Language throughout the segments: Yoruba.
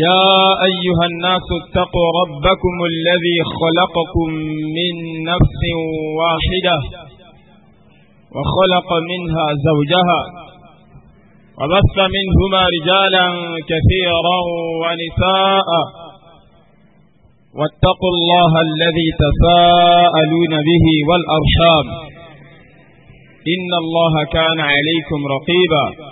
يا أيها الناس اتقوا ربكم الذي خلقكم من نفس واحدة وخلق منها زوجها وبث منهما رجالا كثيرا ونساء واتقوا الله الذي تساءلون به والأرشام إن الله كان عليكم رقيبا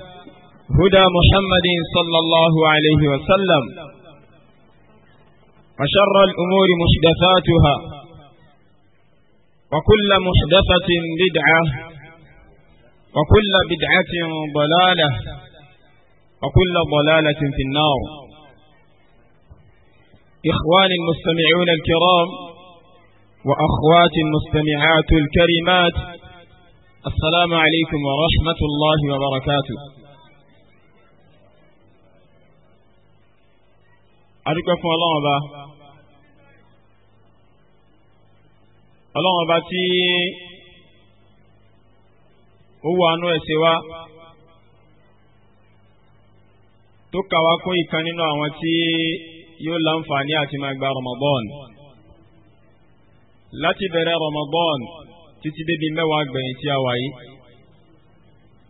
هدى محمد صلى الله عليه وسلم وشر الأمور محدثاتها وكل محدثة بدعة وكل بدعة ضلالة وكل ضلالة في النار إخواني المستمعون الكرام وأخواتي المستمعات الكريمات السلام عليكم ورحمة الله وبركاته adúpẹ́ fún ọlọ́run ọba ọlọ́run ọba tí ó wọ àánú ẹ̀ṣẹ̀ wa tó kà wá kún ìkan nínú àwọn tí yóò láǹfààní àti máa gba Ramadan láti bẹ̀rẹ̀ Ramadan títí débi mẹ́wàá gbẹ̀yìn tí a wà yìí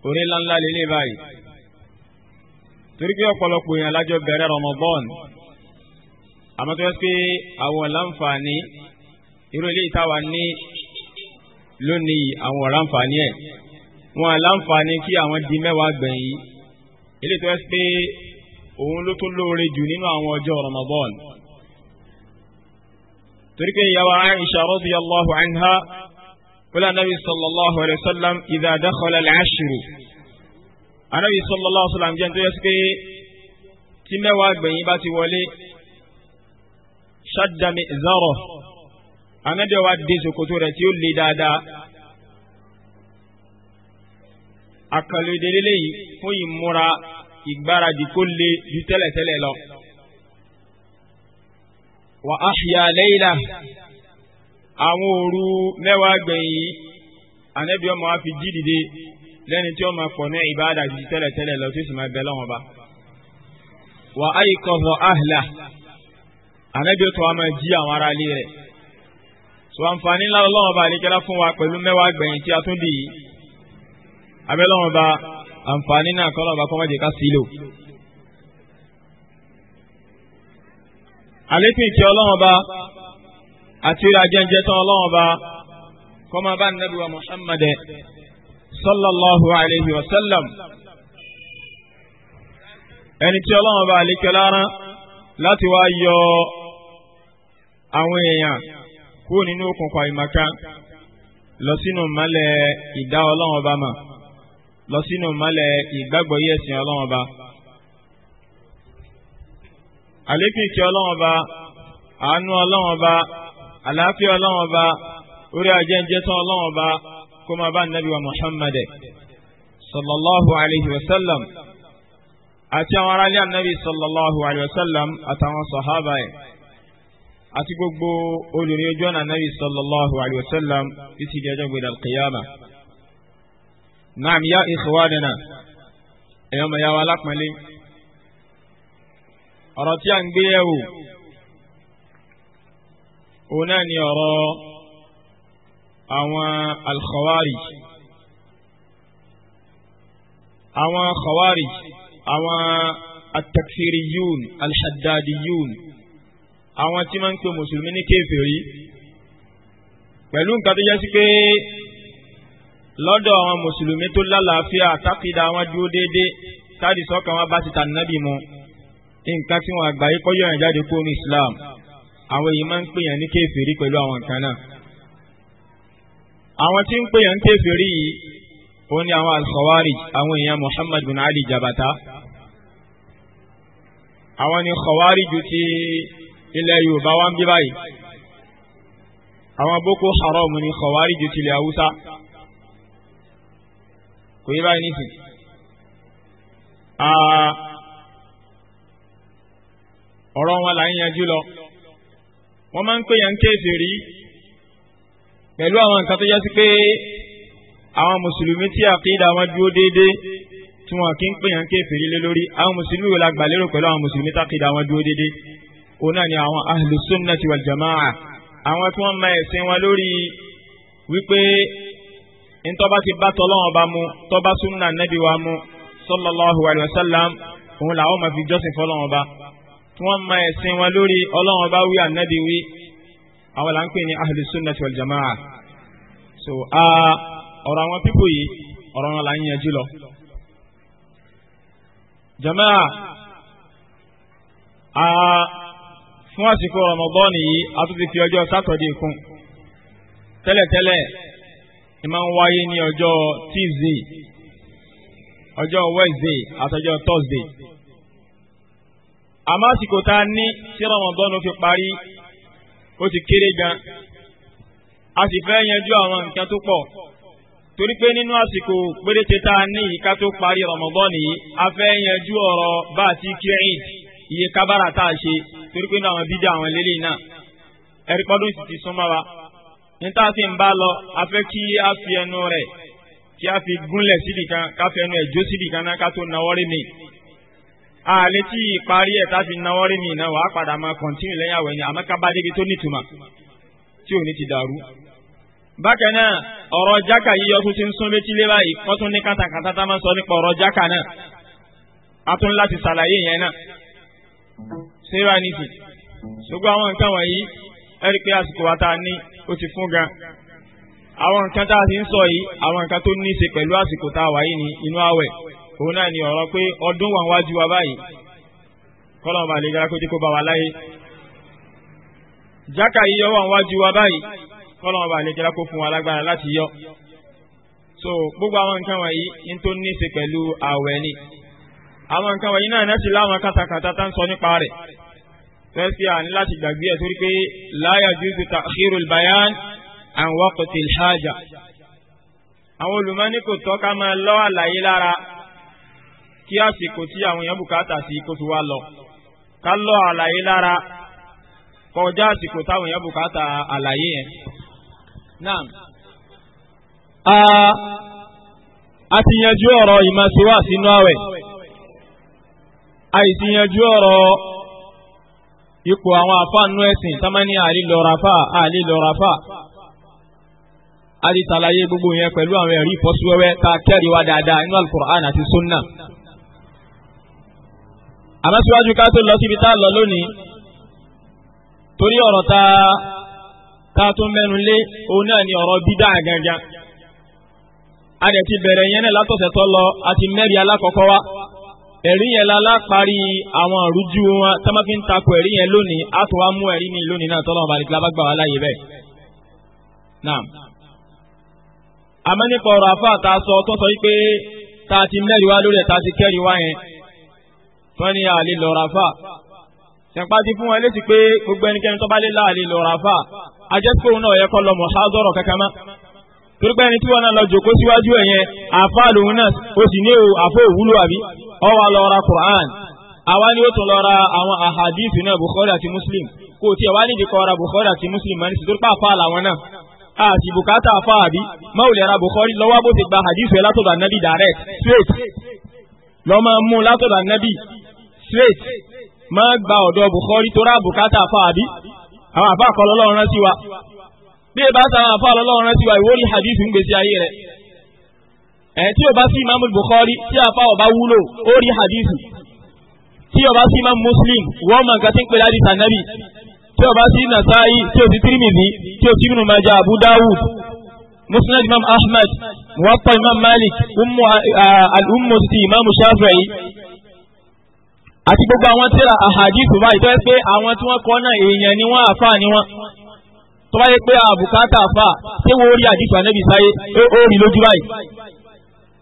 orí ńláńlá lélẹ̀ báyìí torí pé ọ̀pọ̀lọpọ̀ èèyàn lájọ bẹ̀rẹ̀ Ramadan àmọ́ tó yẹ pé àwọn láǹfààní irú ilé ìtawà ní lónìí àwọn láǹfààní ẹ̀ wọn láǹfààní kí àwọn di mẹ́wàá gbẹ̀yìn ilé tó yẹ pé òun ló tó lóore jù nínú àwọn ọjọ́ Ramadan torí pé ìyàwó Aisha radiyallahu anha wala nabi sallallahu alayhi wa sallam idha dakhala al anabi sallallahu alayhi wa sallam jẹ́ tó yẹ pé tí mẹ́wàá gbẹ̀yìn bá ti wọlé ṣàdàmì zọrọ anabi wa dé ṣòkòtò rẹ̀ tí ó le dáadáa àkàlùdé lélẹyìí fún ìmúra ìgbáradì kó le ju tẹ́lẹ̀tẹ́lẹ̀ lọ. wà á ṣìyà lẹ́yìnlá àwọn òru mẹ́wàá gbẹ̀yìn anabi ọmọ wa fi jí dìde lẹ́ni tí ó máa pọ̀ ní ìbáradà ju tẹ́lẹ̀tẹ́lẹ̀ lọ tí ó sì máa bẹ lọ́wọ́n ba. wà á yìí kọ̀ fọ áhìlá ànábì tó a máa jí àwọn ará ilé rẹ̀ so àǹfààní ńlá lọ́wọ́ bá àlékẹ́lá fún wa pẹ̀lú mẹ́wàá gbẹ̀yìn tí a tún dì yìí abẹ́lọ́wọ́ bá àǹfààní náà kọ́ lọ́wọ́ bá kọ́mọ́jẹ́ ká sí lò. àlékún ìkẹ́ ọlọ́wọ́ bá àti ìrà jẹ́njẹ́ tán ọlọ́wọ́ bá kọ́mọ́ bá nàbí wa Muhammad sallallahu alayhi wa sallam ẹni tí ọlọ́wọ́ bá àlékẹ́lá rán láti wá yọ àwọn èèyàn kúrò nínú òkùnkùn àìmọ̀ká lọ sínú mọ́lẹ̀ ìdá ọlọ́run ọba lọ sínú mọ́lẹ̀ ìgbàgbọ́ yí ẹ̀sìn ọlọ́run ọba. àlékún ìkẹ́ ọlọ́run ọba àánú ọlọ́run ọba àlàáfíà ọlọ́run ọba orí ajẹ́njẹ́ bá nàbí wa Muhammad sallallahu alayhi wa sallam àti àwọn aráàlú sallallahu alayhi wa sallam àti gbogbo olùrí ojú ọ̀nà nàbì sallallahu alayhi wa sallam títí di ọjọ́ gbèdà kìyàmà. Naam ya ikhwanana ẹ̀yọ́ mọ̀ ya wa lápẹ́lẹ́. ọ̀rọ̀ tí a ń gbé yẹ̀wò òun náà ni ọ̀rọ̀ àwọn al àwọn khawarij àwọn at-takfiriyun al-haddadiyun. al haddadiyun àwọn tí máa ń pe mùsùlùmí ní kèfèrí pẹ̀lú nǹkan tó jẹ́ sí pé lọ́dọ̀ àwọn mùsùlùmí tó lálàáfíà tákìdá wọn dúró déédéé táàdì sọ́kàn wọn bá ti tà nábì mu nǹkan tí wọn àgbáyé kọ́yọ̀ yẹn jáde kó ní Islam àwọn èyí máa ń pè yẹn ní kèfèrí pẹ̀lú àwọn nǹkan náà àwọn tí ń pè yẹn ní kèfèrí yìí òun ni àwọn al àwọn èèyàn Muhammad bin Ali Jabata àwọn ni Khawarij ju ti ilẹ̀ yorùbá wa ń bí báyìí àwọn boko haram ni kọ̀wárìjì tilẹ̀ haúsá kò yí báyìí nìsín. ọ̀rọ̀ wọn là ń yanjú lọ wọ́n máa ń pè yàn kéèsì rí pẹ̀lú àwọn nǹkan tó yẹ sí pé àwọn mùsùlùmí tí àkídà wọn dúró déédéé tí wọn kì í pè yàn kéèsì lé lórí àwọn mùsùlùmí wo la gbà lérò pẹ̀lú àwọn mùsùlùmí tí àkídà wọn dúró déédéé òun náà ni àwọn ahlu sunnati wal jamaa àwọn tí wọ́n máa ẹ̀sìn wọn lórí wípé ntọ́ba ti bá tọ́lọ́wọ́n bá mu tọ́ba sunna nabi wa mu sallallahu alayhi wa sallam òun làwọn máa fi jọ́sìn fọlọ́wọ́n bá tí wọ́n máa ẹ̀sìn wọn lórí ọlọ́wọ́n bá wí ànábì wí àwọn là ń pè ní ahlu sunnati wal jamaa so ọ̀rọ̀ àwọn pípò yìí ọ̀rọ̀ wọn là ń yanjú lọ. jamaa fún àsìkò Ramadan yìí a tún ti fi ọjọ́ sátọ̀dé kún tẹ́lẹ̀tẹ́lẹ̀ ni máa ń wáyé ní ọjọ́ Tuesday ọjọ́ Wednesday àtọjọ́ Thursday àmọ́ àsìkò tá a ní tí Ramadan fi parí ó ti kéré gan a sì fẹ́ yanjú àwọn nǹkan tó pọ̀ torí pé nínú àsìkò péréte tá a ní ìka tó parí Ramadan yìí a fẹ́ yanjú ọ̀rọ̀ bá a ti kírẹ́yìn iye kábàrà tá a ṣe torí pé àwọn bídí àwọn eléyìí náà ẹ̀rí pọ́dún sì ti súnmọ́ wa níta sì ń bá lọ a fẹ́ kí a fi ẹnu rẹ̀ kí a fi gúnlẹ̀ síbi kan ká fi ẹnu ẹ̀ jó kan náà ká tó nawọ́ rí mi àlè tí ìparí ẹ̀ tá fi nawọ́ rí mi náà wàá padà máa kọ̀ntínú lẹ́yìn àwẹ̀ ni àmọ́ ká bá débi tó nítumọ̀ tí ò ní ti dàrú bákan náà ọ̀rọ̀ jáka yíyọ tún ti ń sún létí lé báyìí kọ́ tún ní kátàkátà tá máa sọ nípa ọ̀rọ̀ jáka náà. síra nìsí ṣùgbọ́n àwọn nǹkan wọ̀nyí ẹ̀rí pé àsìkò wa ta a ti ń sọ yìí àwọn nǹkan tó ní í ṣe pẹ̀lú àsìkò tá a wà yìí inú àwẹ̀ òun ni ọ̀rọ̀ pé ọdún wà wájú wa báyìí kọ́lọ́n bá lè gara kó tí kó bá wa láyé wà wájú wa báyìí kọ́lọ́n bá lè gara kó fún wa lágbára láti yọ so gbogbo àwọn nǹkan wọ̀nyí ní tó ní í ṣe pẹ̀lú àwẹ̀ ni àwọn nǹkan wọ̀nyí náà náà ti láwọn kátàkátà tá fẹ́ẹ́sì àní láti gbàgbé ẹ̀ torí pé la yajuzu ta'khirul bayan an waqtil haja. àwọn olùmọ́ni kò tọ́ ká máa lọ́ àlàyé lára kí àsìkò tí àwọn èèyàn bùkátà sí kó tó wá lọ ká lọ́ àlàyé lára kọjá àsìkò táwọn èèyàn bùkátà àlàyé yẹn. naam a ti yanjú ọ̀rọ̀ ìmọ̀síwá sínú àwẹ̀ àìsí yanjú ọ̀rọ̀ ipò àwọn àfa ẹ̀sìn tamani àlìlọ́rafa àlìlọ́rafa a ti ṣàlàyé gbogbo yẹn pẹ̀lú àwọn ẹ̀rí ìfọ́síwẹ́wẹ́ tá a kẹ́rì wa dáadáa inú alukur'an àti sunna. àmọ́ síwájú ká tó lọ síbi tá a lọ lónìí torí ọ̀rọ̀ tá a tún mẹ́nu lé òun náà ni ọ̀rọ̀ bídà gangan. a dẹ̀ ti bẹ̀rẹ̀ yẹn náà látọ̀sẹ̀ tó lọ àti mẹ́rin alákọ̀ọ́kọ́ wa ẹ̀rí yẹn lálá parí àwọn àrújú wọn tá má fi ń takò ẹ̀rí yẹn lónìí á tó wá mú ẹ̀rí mi lónìí náà tọ́lọ́ ọba àdìgbà bá gbà wá láàyè bẹ́ẹ̀. naam àmọ́ nípa ọ̀rọ̀ àfáà tá a sọ tó sọ wípé tá a ti mẹ́rin wá lórí ẹ̀ tá a ti kẹ́rin wá yẹn wọ́n ní àlè lọ́ra àfáà ṣẹ̀pá ti fún wọn létí pé gbogbo ẹnikẹ́ni tó bá lé láàlè lọ́ra àfáà ajẹ́síkòrò náà yẹ ó wá Qur'an àwa ni ó tún lọ ra àwọn ahadith náà Bukhari àti Muslim kò tí ẹ wá nídìí kọ́ ra Bukhari àti Muslim mọ́ ní sítorí pàfà làwọn náà àti bùkátà àfà àbí máwùlẹ̀ ra Bukhari lọ́wọ́ bó ti gba hadith rẹ̀ látọ̀dọ̀ anabi direct straight lọ́mọ mú látọ̀dọ̀ anabi straight má gba ọ̀dọ̀ Bukhari tó ra bùkátà àfà àbí àwọn àfà àkọlọ́lọ́run rántí wa bí ẹ bá ta àwọn àfà àlọ́lọ́run rántí wa ìwórí hadith ń gbèsè ayé rẹ̀ ẹ̀yìn eh, tí o bá sí imam bukhari tí afa ọba wúlò ó rí hadithu tí o bá sí imam muslim wọ́n mọ̀ nǹkan tí ń pè láti sànẹ́bì tí o bá sí nasa'i tí o sí tirimizi tí o sí ibn majah abu dawud musnad imam ahmad muwatta imam malik umu al-ummu ti imam shafi'i àti gbogbo àwọn tíra àhàdìsù báyìí tó yẹ pé àwọn tí wọ́n kọ náà èèyàn ni wọ́n àfa ni wọ́n tó bá yẹ pé àbùkátà àfa tí wọ́n rí àdìsù ànẹ́bì sáyé ó rí lójú báyìí.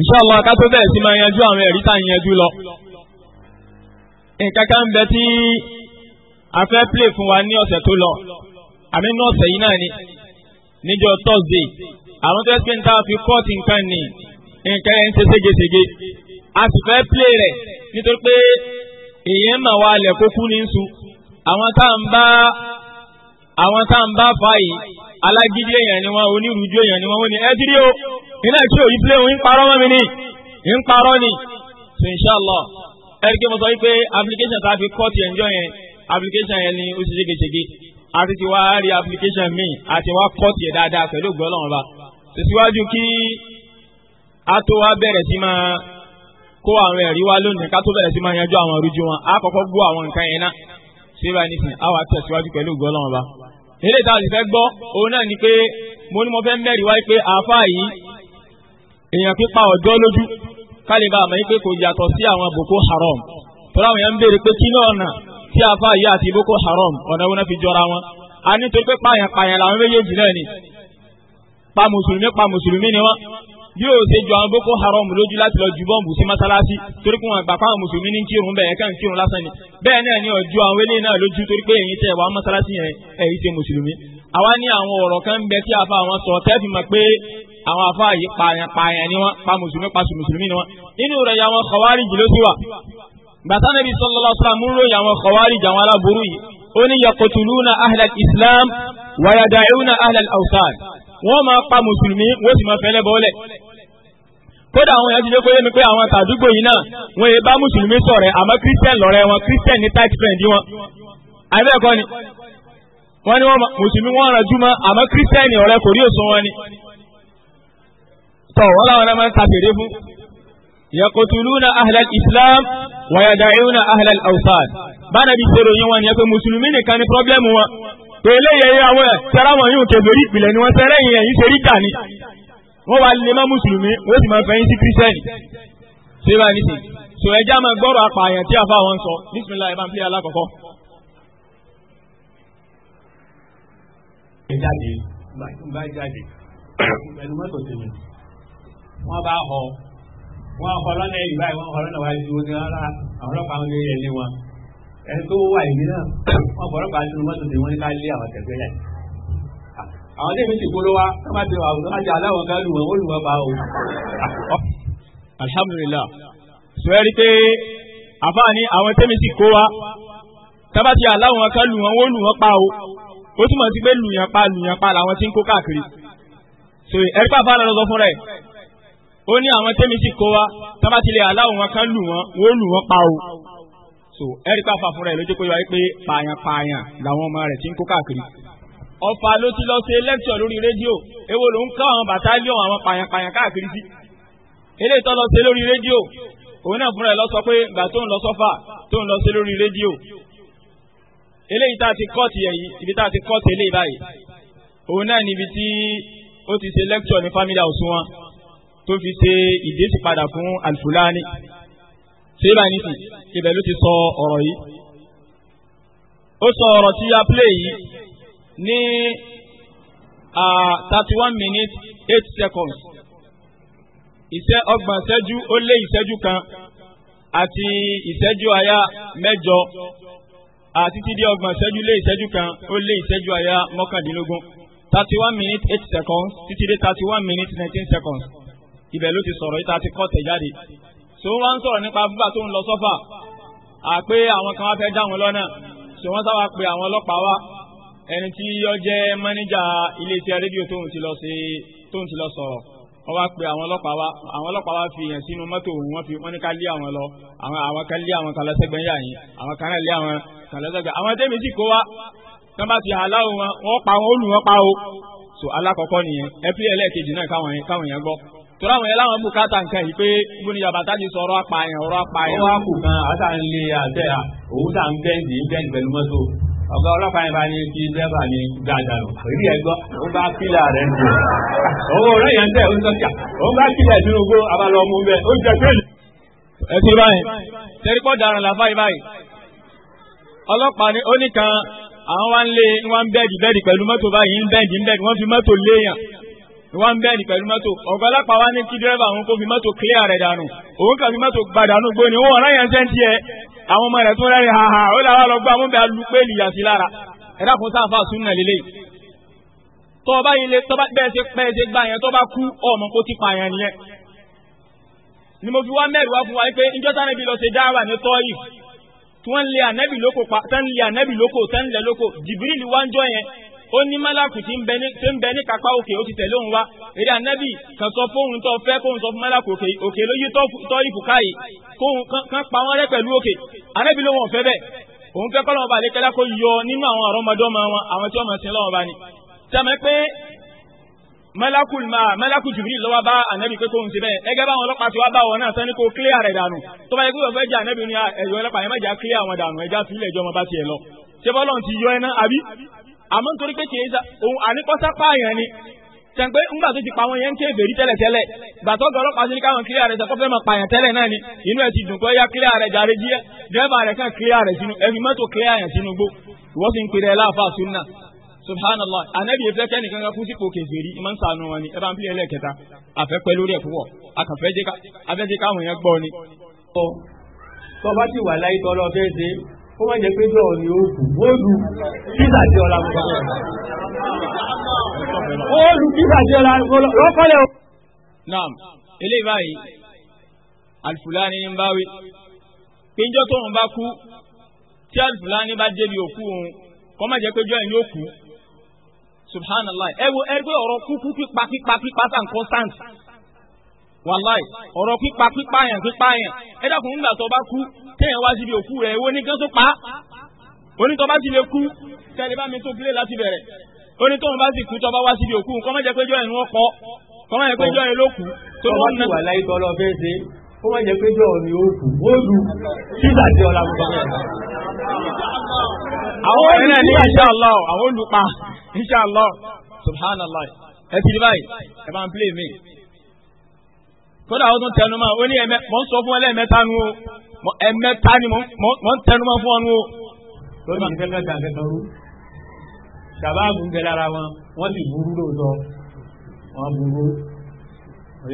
inshallah ká tó bẹ̀rẹ̀ sí máa yanjú àwọn ẹ̀rí tá à ń yanjú lọ. nǹkan kan ń bẹ tí a fẹ́ play fún wa ní ọ̀sẹ̀ tó lọ àmì ní ọ̀sẹ̀ yìí náà ni níjọ́ Thursday àwọn tó ẹsẹ̀ ń ta fi kọ́ọ̀tì nǹkan ní nǹkan ẹ̀ ń ṣe ségesège a sì fẹ́ play rẹ̀ nítorí pé èèyàn mà wá alẹ̀ kó kú ní nsú àwọn tá à ń bá àwọn tá à ń bá fa yìí alágídí èèyàn ni wọn onírúurú èèyàn ni wọn wọn ni ẹ dírí o iná tí òyìn plé òun ń parọ́ mọ́ mi ní ń parọ́ ni so inshallah ẹni kí mo sọ wípé application tá a fi kọ́ ti ẹ̀njọ́ yẹn application yẹn ni ó ti ṣégeṣége a ti wá rí application mi, a ti wá kọ́ tiẹ̀ dáadáa pẹ̀lú ògbọ́n náà ba tẹ̀síwájú kí a tó wá bẹ̀rẹ̀ sí máa kó àwọn ẹ̀rí wá lónìí ká tó bẹ̀rẹ̀ sí máa yanjú àwọn arújú wọn a kọ́kọ́ gbọ́ àwọn nǹkan yẹn náà ṣé báyìí nísìnyí a wà tẹ̀síwájú pẹ̀lú ògbọ́n náà ba eré ìta àti fẹ́ gbọ́ òun náà ni pé mo ní mo fẹ́ mẹ́rìí wáyé pé àáfàá yìí èèyàn pípa ọ̀jọ́ lójú kálíbà àmọ́ yìí pé kò yàtọ̀ sí àwọn Boko Haram tọ́lá àwọn èèyàn ń béèrè pé kí náà nà tí afa yìí àti Boko Haram ọ̀nà wọn fi jọra wọn a nítorí pé pààyàn pààyàn làwọn méjèèjì náà ni pa mùsùlùmí pa mùsùlùmí ni wọn bí o ṣe ju àwọn Boko Haram lójú láti lọ ju bọ́ǹbù sí mọ́sálásí torí pé wọn gbà pàwọn mùsùlùmí ní kírun bẹ́ẹ̀ kàn kírun lásán ni bẹ́ẹ̀ náà ni ọjọ́ àwọn eléyìí náà lójú torí pé èyí tẹ̀ wá mọ́sálásí yẹn èyí ṣe mùsùlùmí. àwa ní àwọn ọ̀rọ̀ kan ń bẹ tí a àwọn sọ tẹ́ẹ̀fì mọ̀ pé àwọn afá yìí pààyàn pààyàn ni wọ́n pa mùsùlùmí pa mùsùlùmí ni wọ́n nínú rẹ̀ yà wọn Khawarij ló sí wa gbàtà nàbí sallallahu alaihi wasallam múlò yà wọn Khawarij àwọn aláburú yìí ó ní yaqtuluna ahlal islam wa yada'una ahlal awsan wọ́n máa pa mùsùlùmí wọ́n sì máa fẹ́lẹ́ bọ́ọ̀lẹ̀ kódà àwọn èèyàn ti dé kóyé mi pé àwọn tàdúgbò yìí náà wọn èèyàn bá mùsùlùmí ṣọ̀rẹ́ àmọ́ christian lọ̀rẹ́ wọn christian ní tight friend wọn àbẹ́ẹ̀kọ́ ni wọ́n ní wọ́n mùsùlùmí wọ́n ràn júmọ́ àmọ́ christian ọ̀rẹ́ kò rí òṣùwọ̀n ni tọ̀ wọ́n láwọn náà máa ń sàfèrè fún. yaqtuluna ahlal islam wa yada'una ahlal awsan. báyìí nàbí ṣe ròyìn wọn nìyẹn pé mùsùlùmí nìkan ni pọ́blẹ́mù wọn. pé eléyìí àwọn tẹ́lá wọn yóò kẹ́ lórí ìpìlẹ̀ ni wọ́n sẹ́rẹ́ yìí ẹ̀yìn ṣe kà ni. wọ́n wá lè má mùsùlùmí wọ́n sì máa fẹ́yìn sí kírísítẹ́nì. ṣé bá nìsín sọ ẹja máa gbọ́rọ̀ apààyàn tí àfa wọn sọ bísímilá ẹ̀ ń pè alákọ̀ọ́kọ́. ẹ jáde bá jáde ẹnu mọ́tò tèmi wọ́n bá họ wọ́n họ lọ́nà ẹ̀yìn báyìí wọ́n họ lọ́nà wáyé dúró ní ọ̀la àwọn ọlọ́pàá wọn lè yẹ ní wọn ẹni tó wà ìbí náà wọ́n bọ̀ ọlọ́pàá tó mọ́tò tí wọ́n ní ká lé àwọn tẹ̀gbẹ́ yẹn. àwọn tí èmi ti kúrò wá ká má ti wà á jẹ aláwọ̀ gálù wọn ó lù wọn bá o. alhamdulillah sọ ẹ́ rí pé àfáàní àwọn tẹ́mi sì kó wa tábà ti aláwọ̀ wọn ká lù wọn ó lù wọn pa o ó túmọ̀ sí ó ní àwọn tẹ́mi sì kó wa tábà ti aláwọ̀ wọn kan lù wọn wọ́n lù wọn pa o. so ẹ̀ríkà fà fúnra ẹ̀ lójú pé wáyé pé pààyàn pààyàn làwọn ọmọ rẹ̀ ti ń kó káàkiri. ọ̀fà ló ti lọ ṣe lẹ́kṣọ̀ lórí rédíò èwo ló ń ká àwọn bàtálíọ̀n àwọn pààyàn pààyàn káàkiri sí. eléyìí tó lọ ṣe lórí rédíò òun náà fúnra ẹ̀ lọ sọ pé gbà tó ń lọ sọ́fà tó ń lọ ṣe lórí rédíò. eléyìí tá a ti kọ́ọ̀tì tó fi ṣe ìdésí padà fún alfulani ṣé bá ní sí ibẹ̀ ló ti sọ ọ̀rọ̀ yìí ó sọ ọ̀rọ̀ tí a play yìí ní thirty one minutes eight seconds ìṣe ọgbọ̀n ìṣẹ́jú ó lé ìṣẹ́jú kan àti ìṣẹ́jú àyá mẹ́jọ àti ti di ọgbọ̀n ìṣẹ́jú lé ìṣẹ́jú kan ó lé ìṣẹ́jú àyá mọ́kàndínlógún thirty one minutes eight seconds títí dé thirty one minutes nineteen seconds ibẹ̀ ló ti sọ̀rọ̀ yìí tá a ti kọ́ tẹ̀ jáde so wọ́n ń sọ̀rọ̀ nípa búbà tó ń lọ sọ́fà àpé àwọn kan wá fẹ́ dá wọn lọ́nà so wọ́n sábà pe àwọn ọlọ́pàá wá ẹni tí yọ jẹ́ mọ́níjà iléeṣẹ́ rédíò tóun ti lọ sí tóun ti lọ sọ̀rọ̀ wọ́n wá pe àwọn ọlọ́pàá wá àwọn ọlọ́pàá wá fi yàn sínú mọ́tò òun fi wọ́n ní ká lé àwọn lọ àwọn àwọn kan lé àwọn kan lọ́sẹ̀gbẹ́ yà yín àwọn kan náà lé àwọn kan lọ́sẹ̀gbẹ́ àwọn tẹ́mi sì kó wá tán bá ti hàlá wọn wọ́n pa wọn ó lù wọ́n pa o so alákọ̀ọ́kọ́ nìyẹn ẹ pílẹ̀ ẹlẹ́ẹ̀kejì náà káwọn yẹn káwọn yẹn gbọ́. torí àwọn yẹn láwọn nke nǹkan yìí pé gbóni yabata ti sọ ọ̀rọ̀ apààyàn ọ̀rọ̀ apààyàn. ọwọ́ kù kan àtà ń lé àtẹ òun tà ń bẹ́ǹdì bẹ́ǹdì pẹ̀lú mọ́tò ọ̀gá ọlọ́pàá yẹn bá ní kí dẹ́bà ní gàdà lọ èyí ẹ̀gbọ́ ó bá ń ọ̀rọ̀ yẹn tẹ̀ ó ó bá abalọ̀ bẹ́ẹ̀ ó jẹ pé. ẹ ti báyìí báyìí ọlọ́pàá ó àwọn ń fi mọ́tò léèyàn wọ́n ń bẹ́ẹ̀ ni pẹ̀lú mọ́tò ọ̀gá ọlọ́pàá wa ní kí dírẹ́fà òun kó fi mọ́tò clear rẹ̀ dànù òun kàn fi mọ́tò gbàdánù gbóni òun ọ̀rá yẹn sẹ́ńtì ẹ̀ àwọn ọmọ rẹ̀ tó rẹ́rìn haha ó lè wá lọ gbọ́ àwọn bẹ́ẹ̀ alùpẹ́ ìlìyà sí lára ẹ̀dá fún sáfà súnà lélẹ̀ tọ́ba yìí lé tọ́ba bẹ́ẹ̀ ṣe pẹ́ẹ́ ṣe gbà yẹn tọ́ba kú ọmọ kó ti pààyàn nìyẹn ni mo fi wá mẹ́rin wá fún wa pé ìjọ sáré bi lọ ṣe dáhà ní tọ́yì tí wọ́n lé ànẹ́bì lóko pa tán lé ànẹ́bì lóko tán lé lóko jìbìrìlì wá ń jọ yẹn ó ní málàkù tí ń bẹ ní kápá òkè ó ti tẹ̀lé òun wá eré anábì kan sọ fóun tó fẹ́ kóun sọ fún málàkù òkè òkè ló yí tọ́ ìfù káyì kóun kan pa wọ́n rẹ́ pẹ̀lú òkè anábì ló wọ́n fẹ́ bẹ́ẹ̀ òun fẹ́ kọ́lọ́wọ́n bá lékelá kó yọ nínú àwọn àrọ́mọdọ́mọ wọn àwọn tí wọ́n mọ̀ sí lọ́wọ́ bá ní. sẹ́mi pé málàkù ma málàkù jìbìrì lọ́wọ́ bá anábì pé kóun ti bẹ́ẹ̀ ẹgẹ́ báwọn ọlọ́pàá ti wá bá wọn náà sani kó kílíà rẹ̀ dànù tó bá yẹ kó wọ́n fẹ́ jẹ́ anábì ní ẹ̀yọ́ ọlọ́pàá yẹn má jà kílíà wọn dànù ẹ̀já sílẹ̀ ìjọba bá tiẹ̀ lọ. ṣé bọ́lọ̀ ti yọ ẹ náà àbí àmọ́ nítorí pé owu, ohun àníkọ́sá pààyàn ni tẹ̀gbẹ́ ńgbà tó ti pa àwọn yẹn ń ké bèrí tẹ́lẹ̀ tẹ́lẹ̀ gbàtọ́ gọ̀ọ́rọ́ pàṣẹ káwọn kílíà rẹ̀ sọ́kọ́ ma máa pààyàn tẹ́lẹ̀ náà ni inú ẹ̀ ti dùn kọ́ yá kílíà rẹ̀ jàre díẹ̀ dẹ́ẹ̀bà rẹ̀ kàn kílíà rẹ̀ sínú ẹ̀fí mọ́tò kílíà yẹn sínú gbó ìwọ́n sì ń pèrè ẹ̀ láàfà sunna subhanallah anabi efe kẹ́ni ó má jẹ́ pé jọ ni ó kù bóòlù pízà tí ọlá mú bọ́lá bóòlù pízà tí ọlá mú bọ́lá lọ́kọ́lẹ̀ o. naam eléyìí báyìí alifulani ń bá wí péjọ tó ń bá kú tí alifulani bá débi òkú òun kọ́ má jẹ́ pé jọ ni ó kù subhanallah ẹ wo ẹ gbé ọ̀rọ̀ kúkú pípa pípa pípa sàn constant wàláì ọ̀rọ̀ pípa pípa yẹn pípa yẹn ẹ dákun nígbà tó bá kú kéèyàn wá síbi òkú rẹ̀ èwo ní tó pa á onítọ̀ bá ti kú tẹ́lẹ̀ bá mi tó gílé láti bẹ̀rẹ̀ onítọ̀ bá ti kú tọ́ wá síbi òkú kọ́mọ́ jẹ́ péjọ́ ẹ̀ ni wọ́n kọ́ kọ́mọ́ péjọ́ ẹ̀ ló kú. tọ́wọ́ ti wà láyé tọ́lọ fẹ́ ṣe kọ́mọ́ jẹ́ péjọ́ ni ó kù ó lu títà tí ọ̀la kọ́ bẹ́ẹ̀. àwọn ẹ̀rẹ́ ní inshallah àwọn olùpa inshallah subhanallah ẹ ti ẹ̀mẹ́ta ni mò ń tẹnu mọ́ fún ọ nù o. lórí ìfẹ́ fẹ́ dàn kẹta rú sàbáàbù ń bẹ lára wọn wọ́n sì burú lóòótọ́ wọ́n burú.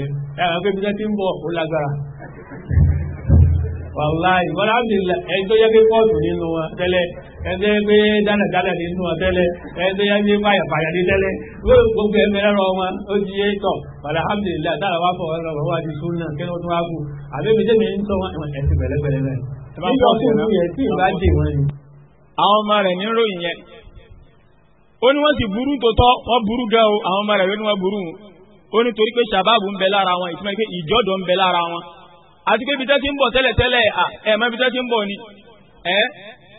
ẹ àwọn akébi tẹ́ ti ń bọ̀ ó lágbára. wàláì bọ́lá àbùdílà ẹni tó yẹ kí pọ́ọ̀tù nínú wọn tẹ́lẹ̀ ẹgbẹ́ pé dálẹ̀dálẹ̀ nínú ọ̀tẹ́lẹ̀ ẹgbẹ́ ẹgbẹ́ báyà báyà ní tẹ́lẹ̀ gbogbo ẹgbẹ́ lọ́rọ̀ wọn ó di é tọ̀ padà alhamdulilayi dára wá fọ ọ̀rọ̀ wọn àti sunna kí wọ́n tún wá kú àbẹ́bí ń tọ́ wọn ẹ̀sìn pẹ̀lẹ́pẹ̀lẹ́ àwọn ọmọ rẹ̀ ní ròyìn yẹn ó ní wọ́n sì burú tó tọ́ wọ́n burú gan o àwọn ọmọ rẹ̀ ló ní wọ́n burú ó ní torí pé ń bẹ lára wọn ìtumọ̀ pé ìjọ́dọ̀ ń bẹ ibi tẹ́ ti ń bọ̀ tẹ́lẹ̀tẹ́lẹ̀ ẹ̀ mọ́ ibi tẹ́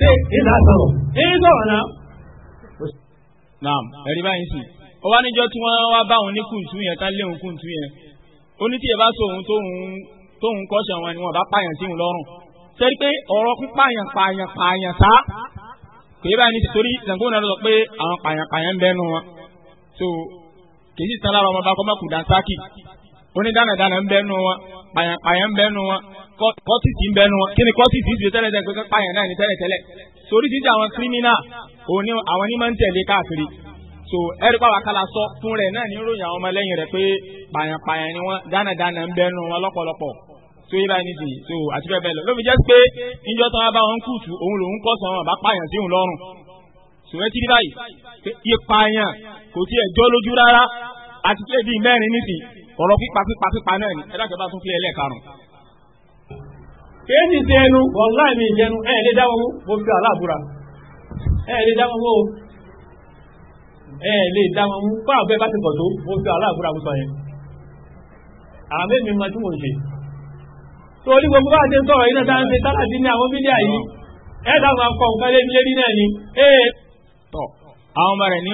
bẹ́ẹ̀ ní lásọ̀rọ̀. èyí sọ̀rọ̀ náà. naam ẹ̀rí báyìí sì ó wá níjọ́ tí wọ́n wá bá òun ní kùntù yẹn tá léwu kùntù yẹn ó ní tí ẹ bá sọ òun tóun tóun kọ́ṣẹ́ wọn ni wọ́n bá pààyàn sí òun lọ́rùn sẹ́rí pé ọ̀rọ̀ kún pààyàn pààyàn pààyàn sá kò báyìí ní torí ṣàǹkó náà lọ pé àwọn pààyàn pààyàn ń bẹ́ẹ̀ nù wọn so kì í sì tán lára ọmọ bá kọ́ mọ́kùn dànsákì onídànàdànà ń bẹnu wọn pàyàpàyà ń bẹnu wọn kọ́tìtì ń bẹnu wọn kí ni kọ́tìtì ń ṣe tẹ́lẹ̀tẹ́lẹ̀ pé pàyà náà ní tẹ́lẹ̀tẹ́lẹ̀ sórí títí àwọn kírímínà òní àwọn ní máa ń tẹ̀lé káàkiri so ẹ̀rí pàwọn akala sọ fún rẹ̀ náà ní ròyìn àwọn ọmọlẹ́yìn rẹ̀ pé pàyàpàyà ni wọn dànàdànà ń bẹnu wọn lọ́pọ̀lọpọ̀ so yíra ẹni sì so àti bẹ́ẹ̀ bẹ́ẹ̀ lọ ló fi jẹ́ pé níjọ́ tán wá bá wọn kùtù òun lòun kọ́ sọ wọn bá pààyàn sí òun lọ́rùn sòwẹ́ tí ọ̀rọ̀ pípa pípa pípa náà ni ẹ̀dá ìjọba tún fi ẹlẹ́ẹ̀karùn. kéèsì ti ẹnu wọ̀nlá mi ìjẹnu ẹ̀ lè dáwọ́ mo fi aláàbúra ẹ̀ lè dáwọ́ mo ẹ̀ lè dáwọ́ mo bá àbẹ́ bá ti pọ̀ tó mo fi aláàbúra mo sọ yẹn. àmì mi máa tí mo ń ṣe. torí gbogbo bá a ti ń sọ̀rọ̀ yìí náà tá a ń ṣe tálàdí ní àwọn mídíà yìí ẹ̀dá máa kọ nǹkan lé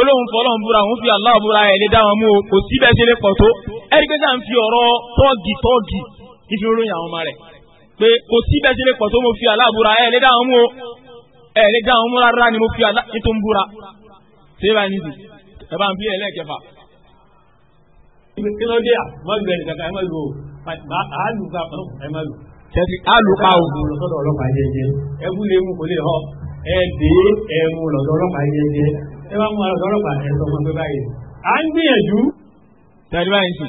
olóhùn fọlọ́hùn búra òun fi Allah búra ẹ̀ lè dá wọn mú o kò sí bẹ́ẹ̀ ṣe lè pọ̀ tó ẹ̀ríkẹ́sà ń fi ọ̀rọ̀ tọ́ọ̀gì tọ́ọ̀gì ìfi ròyìn àwọn ọmọ rẹ̀ pé kò sí bẹ́ẹ̀ ṣe lè pọ̀ tó mo fi Allah búra ẹ̀ lè dá wọn mú o ẹ̀ lè dá wọn mú rárá ni mo fi Allah tó ń búra ṣé bá ní sùn ẹ bá ń bí ẹlẹ́ẹ̀kẹfà. kí ló dé àmọ́gbẹ̀rẹ̀ kàkà ẹ má lò ó àlùkà ẹ má lò ẹ bá mú ara sọ̀rọ̀ pa ẹ sọ fún pé báyìí. à ń gbìyànjú. tẹ̀lé báyìí sì.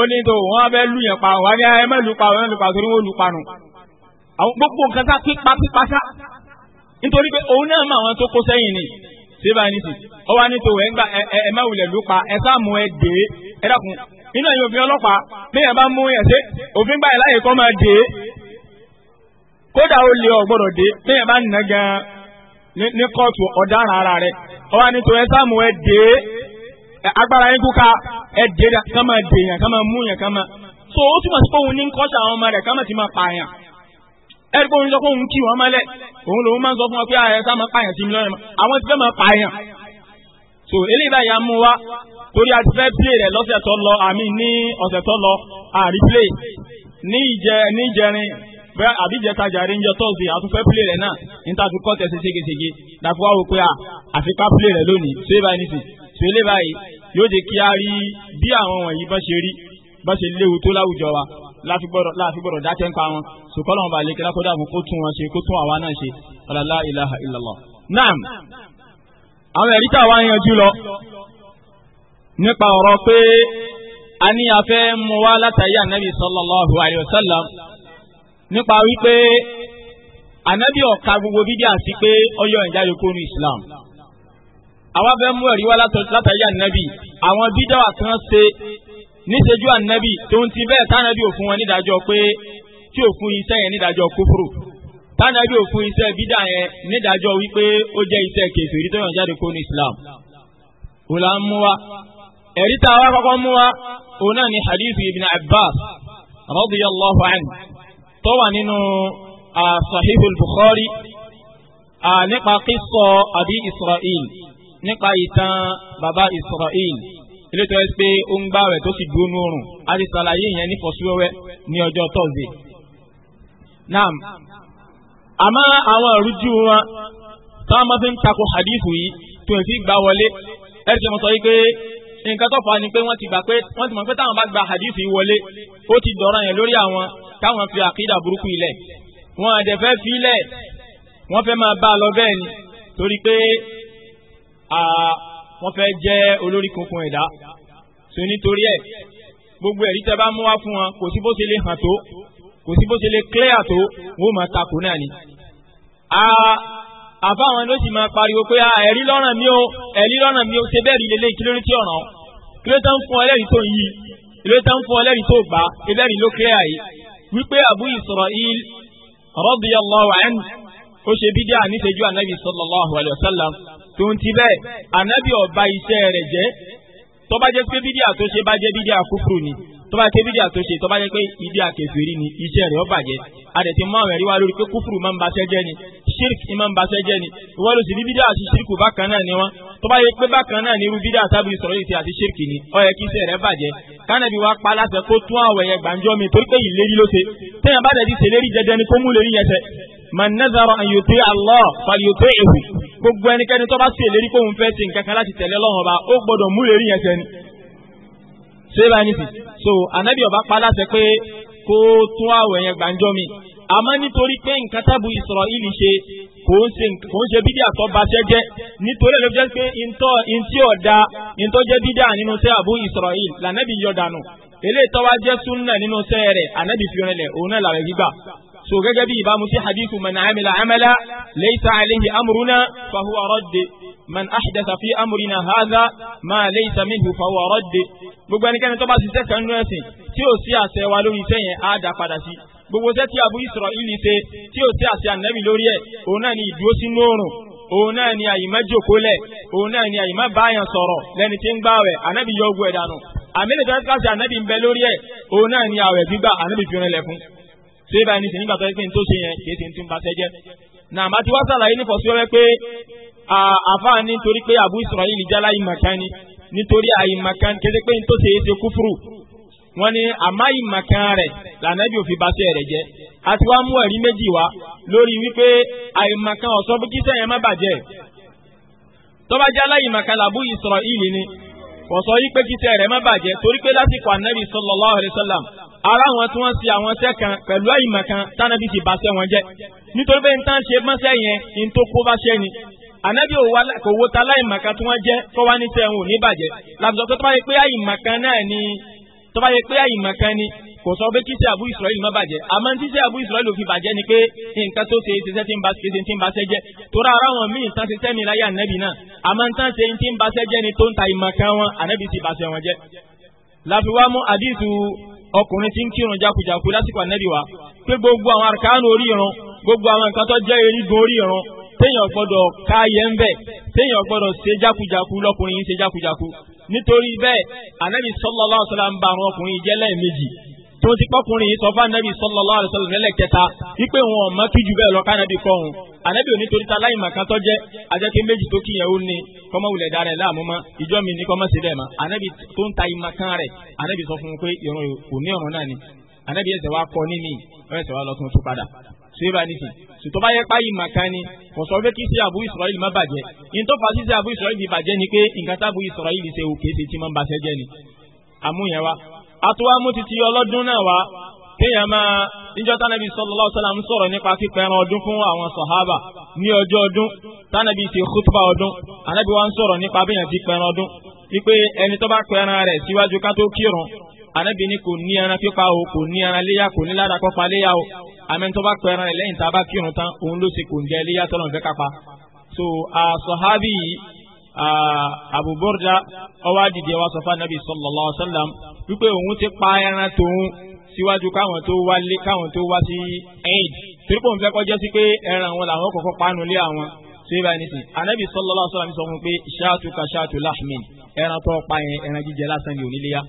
ó ní tó wọn abẹ́ lù yẹn pa wọn á ní ẹ má lù pa wọn má pa torí wọn lù pa nù. àwọn gbogbo nǹkan tá pípa pípa sá. nítorí pé òun náà mọ àwọn tó kó sẹ́yìn ni ṣé báyìí ní sì. ó wá ní tó ẹ gbà ẹ ẹ má wulẹ̀ lù pa ẹ sáàmù ẹ dè é ẹ dàkún. nínú àyè òfin ọlọ́pàá bí yẹn bá mú yẹn ṣe òfin gbà yẹn láyè kọ́ máa dè kódà ó lé ọgbọ́dọ̀ dé téèyàn bá nà gan ní kóòtù ọ̀daràn ara rẹ̀ ọwọ́ ni tòun ẹ sáàmù ẹ agbára yín kú ká ẹ dé ká máa dè yàn so ó túmọ̀ sí pé òun ní ń àwọn ọmọ rẹ̀ ká ti máa pààyàn ẹ pé òun sọ pé òun wọ́n mọ́lẹ̀ òun lòun máa ń sọ fún wọn pé máa pààyàn sí mi àwọn ti fẹ́ máa pààyàn so eléyìí a lọ àmì ní lọ àrí play bẹ́ẹ̀ àbíjẹta jàre ń jẹ tọ́sí àtúfẹ́ pílé rẹ̀ náà níta fi kọ́ tẹ̀sí ségesège dàpọ̀ wá rò pé àfikà pílé rẹ̀ lónìí ṣé báyìí nìsín ṣé lé báyìí yóò jẹ́ kí a rí bí àwọn wọ̀nyí bá ṣe rí bá ṣe léwu tó láwùjọ wa láti gbọ́dọ̀ dákẹ́ ń pa wọn ṣùkọ́lọ́ wọn bá lè kíláko dàbò kó tún wọn ṣe kó tún àwa náà ṣe ilaha illallah. naam àwọn ẹ̀rí tá a wá yanjú lọ nípa a ní afẹ́ mu wá látàrí ànábì sallallahu alayhi wa nípa wípé ànábì ọ̀ka gbogbo bídíà sí pé ọyọ ìjáde kónú Islam àwa fẹ́ mú ẹ̀rí wá látàrí ànábì àwọn bídíà kan ṣe níṣejú ànábì tó ń ti bẹ́ẹ̀ tánàbí òfin wọn nídàájọ́ pé tí òfin iṣẹ́ yẹn nídàájọ́ kúfúrú tánàbí òfin iṣẹ́ bídíà yẹn nídàájọ́ wípé ó jẹ́ iṣẹ́ kèfèrí tó yàn jáde kónú Islam òlà ń mú wa ẹ̀rí tá a wá kọ́kọ́ mú wa òun náà ni hadith ibn Abbas radiyallahu anhu tó wà nínú sahihul bukhari nípa kíso àbí israel nípa ìtàn bàbá israel ilé tó yẹ pé ó ń gbá rẹ̀ tó sì dúró ní oòrùn a ti ṣàlàyé ìyẹn ní fọ́síwẹ́wẹ́ ní ọjọ́ tọ́sídẹ̀. naam àmọ́ àwọn ìrújú wọn táwọn máa fi ń takò hadithu yìí tó ń fi gbà wọlé ẹ̀rí tó mọ̀ sọ yìí pé nǹkan tó fà á ni pé wọ́n ti gbà pé wọ́n ti mọ̀ pé táwọn bá gba hadith wọlé ó ti dọ̀rọ̀ yẹn lórí àwọn káwọn fi àkídà burúkú ilẹ̀ wọn àdẹ̀ fẹ́ fi wọ́n fẹ́ máa bá a lọ bẹ́ẹ̀ ni torí pé wọ́n fẹ́ jẹ́ olórí kunkun ẹ̀dá so nítorí ẹ̀ gbogbo ẹ̀rí tẹ́ bá mú wá fún wọn kò sí bó ṣe lè hàn tó kò sí bó ṣe lè clear tó wọ́n máa takò náà ni àbá àwọn ló sì máa pariwo pé ah, ẹ̀rí lọ́ràn mi ò ẹ̀rí lọ́ràn mi ò ṣe bẹ́ẹ̀ rí lélẹ́yìn kí ló ní tí ọ̀ràn kí ló tán fún ẹlẹ́rìí tó ń yí kí ló tán fún ẹlẹ́rìí tó gbà ẹlẹ́rìí ló kílẹ̀ àyè wípé Abu Isra'il radiyallahu anhu ó ṣe bídí àníṣejú ànábì sallallahu alayhi wa sallam tó ń ti bẹ́ẹ̀ ànábì ò ba iṣẹ́ rẹ̀ jẹ́ tó bá jẹ́ pé bídí àtúnṣe bá jẹ́ bídí àkúfùrù ni tó bá jẹ́ pé bídí àtúnṣe tó bá jẹ́ pé bídí àkèfèrí ni adẹ̀ ti máa rẹ̀ rí wa lórí pé kúfùrù máa ń baṣẹ́ jẹ́ ni ṣírk máa ń baṣẹ́ jẹ́ ni ìwọ ló sì ní bídà àti ṣírk bákan náà ni wọ́n tó bá yẹ pé bákan náà ni irú bídà tábìlì sọ̀rọ̀ yìí ti àti ṣírk ni ó yẹ kí iṣẹ́ rẹ̀ bàjẹ́ kánàbí wa pa láṣẹ kó tún àwẹ̀ yẹn gbàǹjọ́ mi torí pé ìlérí ló ṣe téèyàn bá dẹ̀ ṣèlérí jẹjẹ ni kó mú lérí yẹn ṣẹ man nazara an yuti Allah gbogbo ẹnikẹ́ni tó bá ṣèlérí kóhun fẹ́ ṣe nǹkan kan láti tẹ̀lé Ọlọ́hun Ọba ó gbọ́dọ̀ mú lérí yẹn ṣẹ ni ṣé báyìí nìsí so ànábì ọba pa láṣẹ pé kó tún àwẹ̀ yẹn gbàǹjọ́ mi àmọ́ nítorí pé nǹkan tábù Ísírẹ́lì ṣe kò ń ṣe bídí àtọ́ bá ṣẹ́ jẹ́ nítorí ẹ̀ ló jẹ́ pé ntọ́ ntí ọ̀dà ntọ́ jẹ́ bídí ànínú sẹ́ àbú Ísírẹ́lì lànàbí yọ̀dànù eléyìí tọ́wá jẹ́ súnà nínú sẹ́ rẹ̀ ànàbí fiọ́nẹ̀lẹ̀ òun náà làwẹ̀ gbígbà so gẹ́gẹ́ bí ìbámu sí hadithu man amila amala laysa alayhi amruna fahuwa radd man ahdatha fi amrina hadha ma laysa minhu fahuwa radd gbogbo ẹnikẹ́ni tó bá ṣiṣẹ́ kan nú ẹ̀sìn tí ò sí àṣẹ wa lórí iṣẹ́ á dá padà sí gbogbo iṣẹ́ tí Abu Israili ṣe tí ò sí àṣẹ ànábì lórí ẹ̀ òun náà ni ìdúró sínú oòrùn òun náà ni àyìnmá jòkólẹ̀ òun náà ni àyìnmá báyàn sọ̀rọ̀ lẹ́ni tí ń gbààwẹ̀ ànábì yọ ogun ẹ̀ dànù àmìlẹ̀ tó ká ṣe ànábì ń bẹ lórí ẹ̀ òun náà ni àwẹ̀ gbígbà ànábì fi rinlẹ̀ fún ṣé báyìí ní sìn nígbà tó pé n tó ṣe yẹn kì Abu Israili ni nítorí àyìnmàkan kété pé n tó ṣe é ṣe kúfùrù wọ́n ní àmáyì màkàn rẹ̀ lànàbí òfin bá sẹ́ rẹ̀ jẹ́ a ti wá mú ẹ̀rí méjì wá lórí wípé àìmàkàn ọ̀sọ́ bí kí sẹ́yìn má bàjẹ́ tó bá jẹ́ aláìmàkàn làbú Ísírẹ́lì ni kò sọ wípé kí sẹ́ má bàjẹ́ torí pé lásìkò ànábì sallallahu alaihi wasallam ara àwọn tí wọ́n ṣe àwọn sẹ́ kan pẹ̀lú àìmàkàn tánàbí ti bá sẹ́ wọn jẹ́ nítorí pé nǹkan ṣe mọ́sẹ́ yẹn ní tó kó bá ni ànábì kò wo ta láìmàkàn tí wọ́n jẹ́ kó wá ní sẹ́wọ̀n ò ní bàjẹ́ làbùsọ̀ tó bá tó bá yẹ pé àyìnmọ̀ kan ni kò sọ pé kíṣẹ́ àbú Israel má bàjẹ́ àmọ́ tíṣẹ́ àbú Israel ò fi bàjẹ́ ni pé nǹkan tó ṣe ṣiṣẹ́ tí ń ba ṣe ti ń ba ṣẹ́ jẹ́ torí ara wọn míì tán ṣiṣẹ́ mi láyé ànábì náà àmọ́ tán ṣe ti ń ba ṣẹ́ jẹ́ ni tó ń ta ìmọ̀ kan wọn ànábì ti ba ṣẹ́ wọn jẹ́. láfi wá mú àdìsù ọkùnrin tí ń kírun jákujàku lásìkò ànábì nítorí bẹ́ẹ̀ anabi sallallahu alaihi wasallam ń ba àwọn ọkùnrin jẹ́ lẹ́ẹ̀mejì tó ti pọ́kùnrin sọ fún anabi sallallahu alaihi wasallam lẹ́lẹ́kẹta wípé wọn ò mọ bẹ́ẹ̀ lọ kọ́ anabi òní torí ta láì màkà je jẹ́ ajẹ́kẹ́ méjì tó kí yẹn ó ní kọ́mọ wulẹ̀ dára ẹ̀ láàmú mọ́ ìjọ mi ní kọ́mọ sí bẹ́ẹ̀ mọ́ anabi tó ń ta ìmàkàn anabi sọ fún un pé òní náà ni anabi ẹ̀sẹ̀ wa kọ́ níní ẹ̀sẹ̀ wa tún tún ṣé bá nìsín ṣùtọ́ bá yẹ páyì màkàn ni kò sọ pé kí sí Abu Israeli má bàjẹ́ ní tó fà Abu Israeli bàjẹ́ ni pé nǹkan tá Abu Israel ṣe òkè ṣe tí máa ń baṣẹ́ jẹ́ ni àmúyẹn wa àtúwámú titi ọlọ́dún náà wa kéèyàn máa níjọ́ tánàbí sallallahu alaihi wasallam ń sọ̀rọ̀ nípa pípẹ́ran ọdún fún àwọn sàhábà ní ọjọ́ ọdún tánàbí ṣe khutba ọdún ànábì wa ń sọ̀rọ̀ nípa bí èèyàn ti pẹ́ran ọdún wípé ẹni tó bá pẹ́ran rẹ̀ síwájú ká kírun anabi ni kò ní ẹran pípa o kò ní ẹran léyà kò ní ládàá kọ́pa léyà o amẹ́ntọ́ bá pẹ́ ẹran rẹ̀ lẹ́yìn tá a bá kírun tán òun ló ṣe kò ń jẹ léyà tọ́lọ̀ fẹ́ kápá. so sọ̀hábì Abu Burda ọwọ́ àdìdì ẹwà sọ̀fà nàbì sallallahu alaihi wasallam wípé òun ti pa ẹran tòun síwájú káwọn tó wá lé káwọn tó wá sí Eid tìrìpọ̀ nfẹ́ kọjá sí pé ẹran àwọn làwọn kọ̀ọ̀kan panu lé àwọn ṣé báyìí nìsín anabi sallallahu alaihi wasallam sọ fún pé ṣáàtú ka ṣáàtú láhmin ẹran tó pa yẹn ẹran jíjẹ lásán ni òní léyà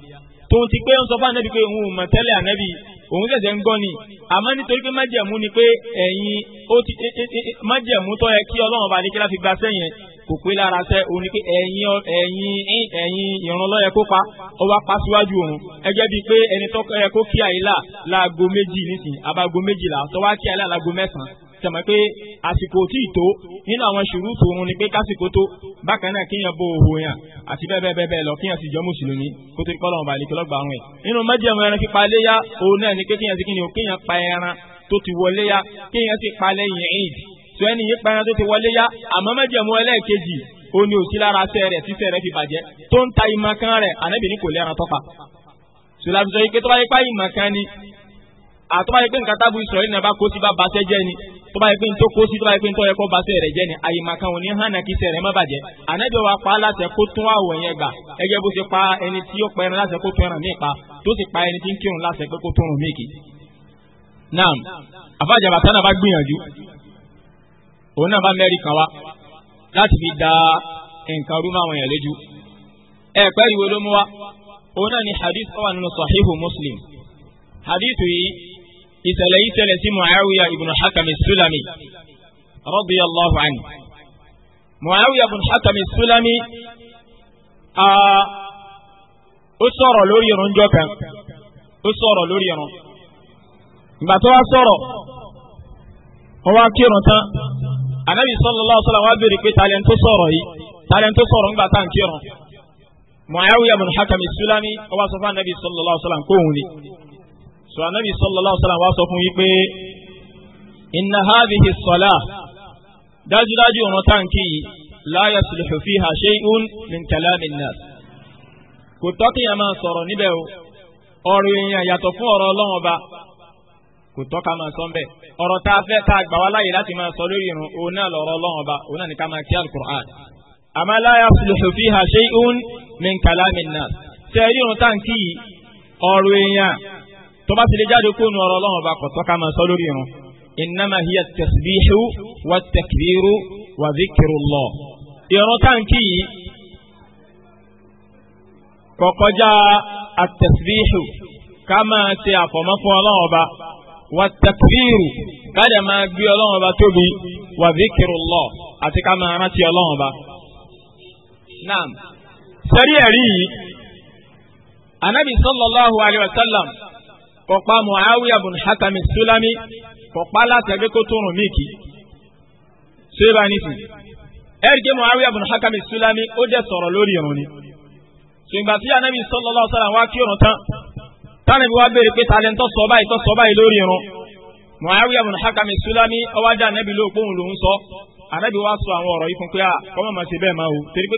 tó ti pé ń sọ fún ànábì pé òun ò mọ̀ tẹ́lẹ̀ ànábì òun ṣẹ̀ṣẹ̀ ń gbọ́ ni àmọ́ nítorí pé májẹ̀mú ni pé ẹ̀yin ó ti májẹ̀mú tó yẹ kí ọlọ́run bá ní kí láti gba sẹ́yìn kò pé lára sẹ́ òun ni pé ẹ̀yin ẹ̀yin ẹ̀yin ìrànlọ́yẹ kó pa ó wá pa síwájú òun ẹgẹ́ bíi pé ẹni tó yẹ kó kí àyílà láago méjì nísìnyí àbágo méjìlá tó wá kí àyílà láago mẹ́sàn-án sẹ̀mọ̀ pé àsìkò tí ì tó nínú àwọn ṣùrù tòun ni pé kásìkò tó bákan náà kíyàn bo òhò yàn àti bẹ́ẹ̀ bẹ́ẹ̀ bẹ́ẹ̀ lọ kíyàn sì jọ mùsùlùmí kó tó kọ́lọ̀ ọ̀bà àlekè lọ́gbà àwọn ẹ̀. nínú májẹ̀mú ẹran pípa léyà òun náà ni pé kíyàn sì kíyàn kíyàn pa ẹran tó ti wọlé yá kíyàn sì pa lẹ́yìn eid tó ẹni yìí pa ẹran tó ti wọlé yá àmọ́ májẹ̀mú ẹlẹ́ẹ̀kejì ó ta ìmọ̀ kan rẹ̀ ànábì ní kò lẹ́ran tọ́pa. sùlàbùsọ̀ yìí pé tó bá yẹ ni àtọ́ bá yẹ pé nǹkan tábù Ísírẹ́lì náà kó sí bá bàtẹ́ jẹ́ ni tó bá yẹ pé ń tó kó sí tó bá yẹ pé ń tọ́ yẹ kó ba sẹ́rẹ̀ jẹ́ ni àyè màkà òun ní hànà kí sẹ́rẹ̀ má bàjẹ́ ànájọ wa pa láṣẹ kó tún àwọ̀ yẹn gbà ẹgẹ́ bó ṣe pa ẹni tí ó pa ẹran láṣẹ kó tún ẹran míì pa tó sì pa ẹni tí ń kírun láṣẹ pé kó tún rùn míì kì. naam àfàjàbà tánà bá gbìyànjú òun náà bá mẹ́rin kan wá láti fi da nǹkan rú máwọn èèyàn lójú ẹ̀ẹ́pẹ́ ìwé ló mú wa òun náà ni hadith muslim hadith yìí ìṣẹ̀lẹ̀ yìí ṣẹlẹ̀ sí muawiya ibn hakam sulami radiyallahu anhu muawiya ibn hakam sulami ó sọ̀rọ̀ lórí irun jọ kan ó sọ̀rọ̀ lórí irun ìgbà tó wá sọ̀rọ̀ wọ́n wá kírun tán anabi sallallahu alaihi wá béèrè pé talẹ̀ tó sọ̀rọ̀ yìí talẹ̀ tó sọ̀rọ̀ ńgbà tá à kírun muawiya ibn hakam sulami ó wá sọ fún anabi sallallahu alaihi wasallam ni so anabi sallallahu alaihi wa sallam wa sọ fún yí pé inna hadhihi salah dájúdájú ọ̀nà táǹkì yìí la yasluhu fiha shay'un min kalami nnas kò tọ́kì yẹn máa sọ̀rọ̀ níbẹ̀ o ọ̀rọ̀ èèyàn yàtọ̀ fún ọ̀rọ̀ ọlọ́run ọba kò tọ́ka máa sọ bẹ́ẹ̀ ọ̀rọ̀ tá a fẹ́ tá a gbà wá láyè láti máa sọ lórí irun òun náà lọ̀rọ̀ ọlọ́run ọba òun náà ní ká máa kí alukur'an àmọ́ la yasluhu fiha shay'un min kalami nnas tẹ́ irun táǹkì ọ̀rọ̀ èèyàn tó bá ti lè jáde kó nu ọ̀rọ̀ ọlọ́run ọba kọ̀tọ́ ká máa sọ lórí irun innama hiya tasbihu wa takbiru wa zikrullah. ìrun táǹkì yìí kọ̀kọ́já àtẹ̀síbíhù ká máa ṣe àfọ̀mọ́ fún ọlọ́run ọba wa takbiru ká dẹ̀ máa gbé ọlọ́run ọba tóbi wa zikrullah àti ká máa rántí ọlọ́run ọba. naam sẹ́rí ẹ̀rí yìí anabi sallallahu alayhi wa sallam. kọ̀pá muawiya bùn hatami sulami kọ̀pá látàgbé kó tó rùn míìkì ṣé bá nìsín ẹ̀rìkẹ́ bùn sulami ó jẹ́ sọ̀rọ̀ lórí irun ni ṣùgbọ́n tí anabi sallallahu alaihi wasallam wá tán tánàbí wá béèrè pé talẹ̀ ń sọ báyìí tọ́ sọ báyìí lórí irun bùn hatami sulami ọwájà anabi ló lòún sọ anabi wá sọ àwọn ọ̀rọ̀ yìí fún pé kọ́mọ̀ máa ṣe bẹ́ẹ̀ máa wò torí pé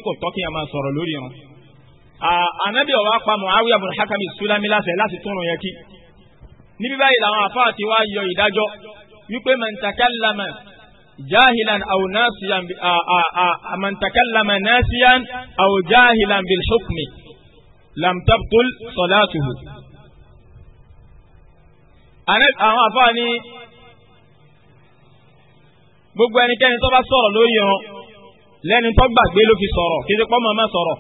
kò anabi níbi báyìí làwọn àfáà ti wá yọ ìdájọ́ wípé mọ̀ntàkàlámà jahilan aw nasiyan mọ̀ntàkàlámà nasiyan aw jahilan bil hukmi lam tabtul salatuhu. àwọn àfáà ní gbogbo ẹnikẹ́ni tó bá sọ̀rọ̀ lórí wọn lẹ́ni tó gbàgbé ló fi sọ̀rọ̀ kí ṣe pọ́ mọ́ mọ́ sọ̀rọ̀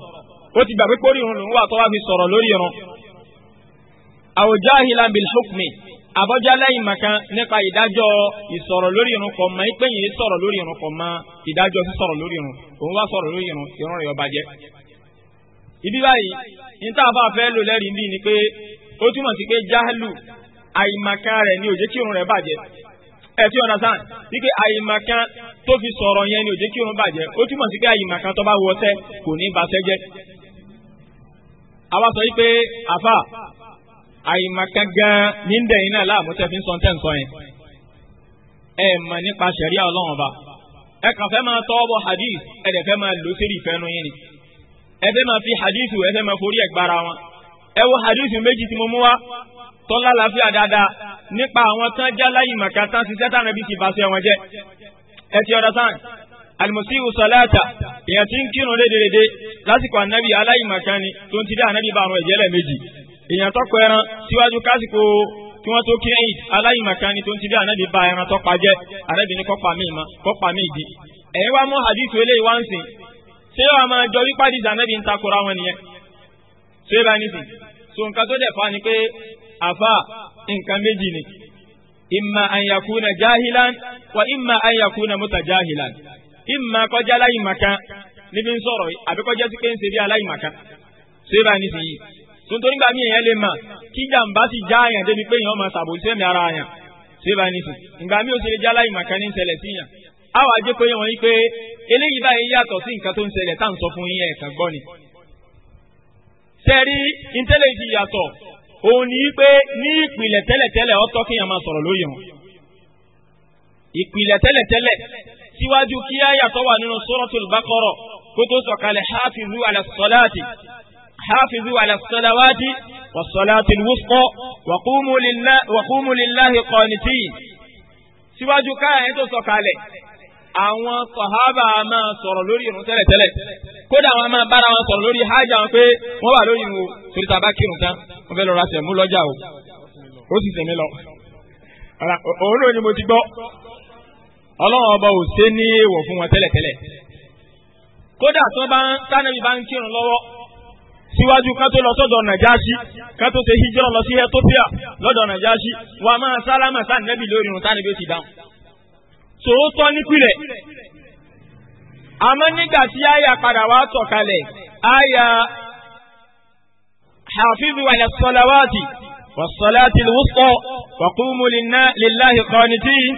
ó ti gbàgbé pórí òun lòún wà tó wá fi sọ̀rọ̀ lórí wọn. aw jahilan bil hukmi nípa ìdájọ́ ìsọ̀rọ̀ lórí irun kọ̀ ma ìpè yìí sọ̀rọ̀ lórí irun kọ̀ mọ́ ìdájọ́ sísọ̀rọ̀ lórí irun òun wá sọ̀rọ̀ lórí irun irun rẹ̀ ọba jẹ́. ibi báyìí níta bá fẹ́ lò lẹ́rìí bí ni pé ó rẹ̀ ni ò kí rẹ̀ bàjẹ́ ẹ ti ọ̀nà sàn fi sọ̀rọ̀ àìmọ̀kan gan ní ń dẹ̀yìn náà láàmú tẹ́ fi ń sọ tẹ́ ń sọ yẹn ẹ mọ̀ nípa ṣẹ̀ríà ọlọ́run ọba ẹ kàn fẹ́ máa tọ́ bọ hadith ẹ dẹ̀ fẹ́ máa lò sírí ìfẹ́ nu yín ni ẹ fẹ́ máa fi hadith ẹ fẹ́ máa forí ẹ̀ gbára wọn ẹ wo hadith méjì tí mo mú wá tọ́lá láfíà dáadáa nípa àwọn tán já láyìn màkà tán ṣiṣẹ́ táwọn ẹbí ti bàṣẹ wọn jẹ́ ẹ ti ọ̀dà sáà almusiu salata èèyàn ti ń kírun rédèrèdè lásìkò ànábì aláìmàkà ni tó ń ti dá ànábì bá àrùn ẹ̀jẹ̀ lẹ́ẹ̀mejì èèyàn tọkọ ẹran síwájú kásìkò kí wọ́n tó kí ẹ̀yìn aláìmọ̀kan tó ń ti bí ànábì ba ẹran tó pa jẹ́ ànábì ní kọ́pa mi ìmọ̀ kọ́pa mi ìdí. ẹ̀yin wá mú hadith eléyìí wá ń sìn ṣé yóò máa jọ wípé àdìsí ànábì ń takora wọn nìyẹn ṣé bá ní sìn so nǹkan tó dẹ̀ fa ni pé àfa nǹkan méjì ni imma an yakuna jahilan wa imma an yakuna jahilan. imma kọjá aláìmọ̀kan níbi ń sọ̀rọ̀ àbíkọ́já sí pé ń ṣe bí aláìmọ̀kan ṣé bá ní sìn yìí nítorí gbà mí èèyàn lè mà kí jàǹbá sì já àyàn débi pé èèyàn máa ṣàbòsí ẹ̀mí ara àyàn ṣé bá nìsín ìgbà mí ó ṣe lè já láì màkà ní ìṣẹ̀lẹ̀ sí yàn àwọn àjẹ́ pé wọ́n yí pé eléyìí báyìí yàtọ̀ sí nǹkan tó ń ṣẹlẹ̀ tá à ń sọ fún yín ẹ̀ẹ̀kan gbọ́ ni. sẹ́ẹ̀rí intanẹ́ẹ̀tì yàtọ̀ òun ni pé ní ìpìlẹ̀ tẹ́lẹ̀tẹ́lẹ̀ ọ̀tọ̀ kéèyàn máa sọ̀rọ̀ lóye wọn. ìpìlẹ̀ tẹ́lẹ̀tẹ́lẹ̀ síwájú kí ayàtọ̀ wà nínú Suratul Baqara kó tó sọ̀kalẹ̀ hafizu ala salati حافظوا على الصلوات والصلاة الوسطى وقوموا لله وقوموا لله قانتين síwájú káyọ̀ tó sọ̀kalẹ̀ àwọn sọ̀hábà máa sọ̀rọ̀ lórí ìrun tẹ́lẹ̀tẹ́lẹ̀ kódà wọn máa bára wọn sọ̀rọ̀ lórí hajj àwọn pé wọ́n wà lórí ìrun torí tàbá kírun tán wọ́n fẹ́ lọ ra sẹ̀mú lọ́jà o ó sì sẹ̀mí lọ. òun ló ní mo ti gbọ́ ọlọ́run ọba ò sé ní èèwọ̀ fún wọn tẹ́lẹ̀tẹ́lẹ̀ kódà tó bá ń tánàbí bá ń kírun lọ́wọ́ síwájú ká tó lọ sọ́dọ̀ nàjáṣí ká tó ṣe hijira lọ sí ethiopia lọ́dọ̀ nàjáṣí wà máa sálámà sáà nẹ́bì lórí irun táni bí ó ti dáhùn. sòótọ́ nípìnlẹ̀ àmọ́ nígbà tí àyà padà wá tọ̀kalẹ̀ àyà hafizu ala salawati wa salati al-wusta wa qumu lillahi qanitin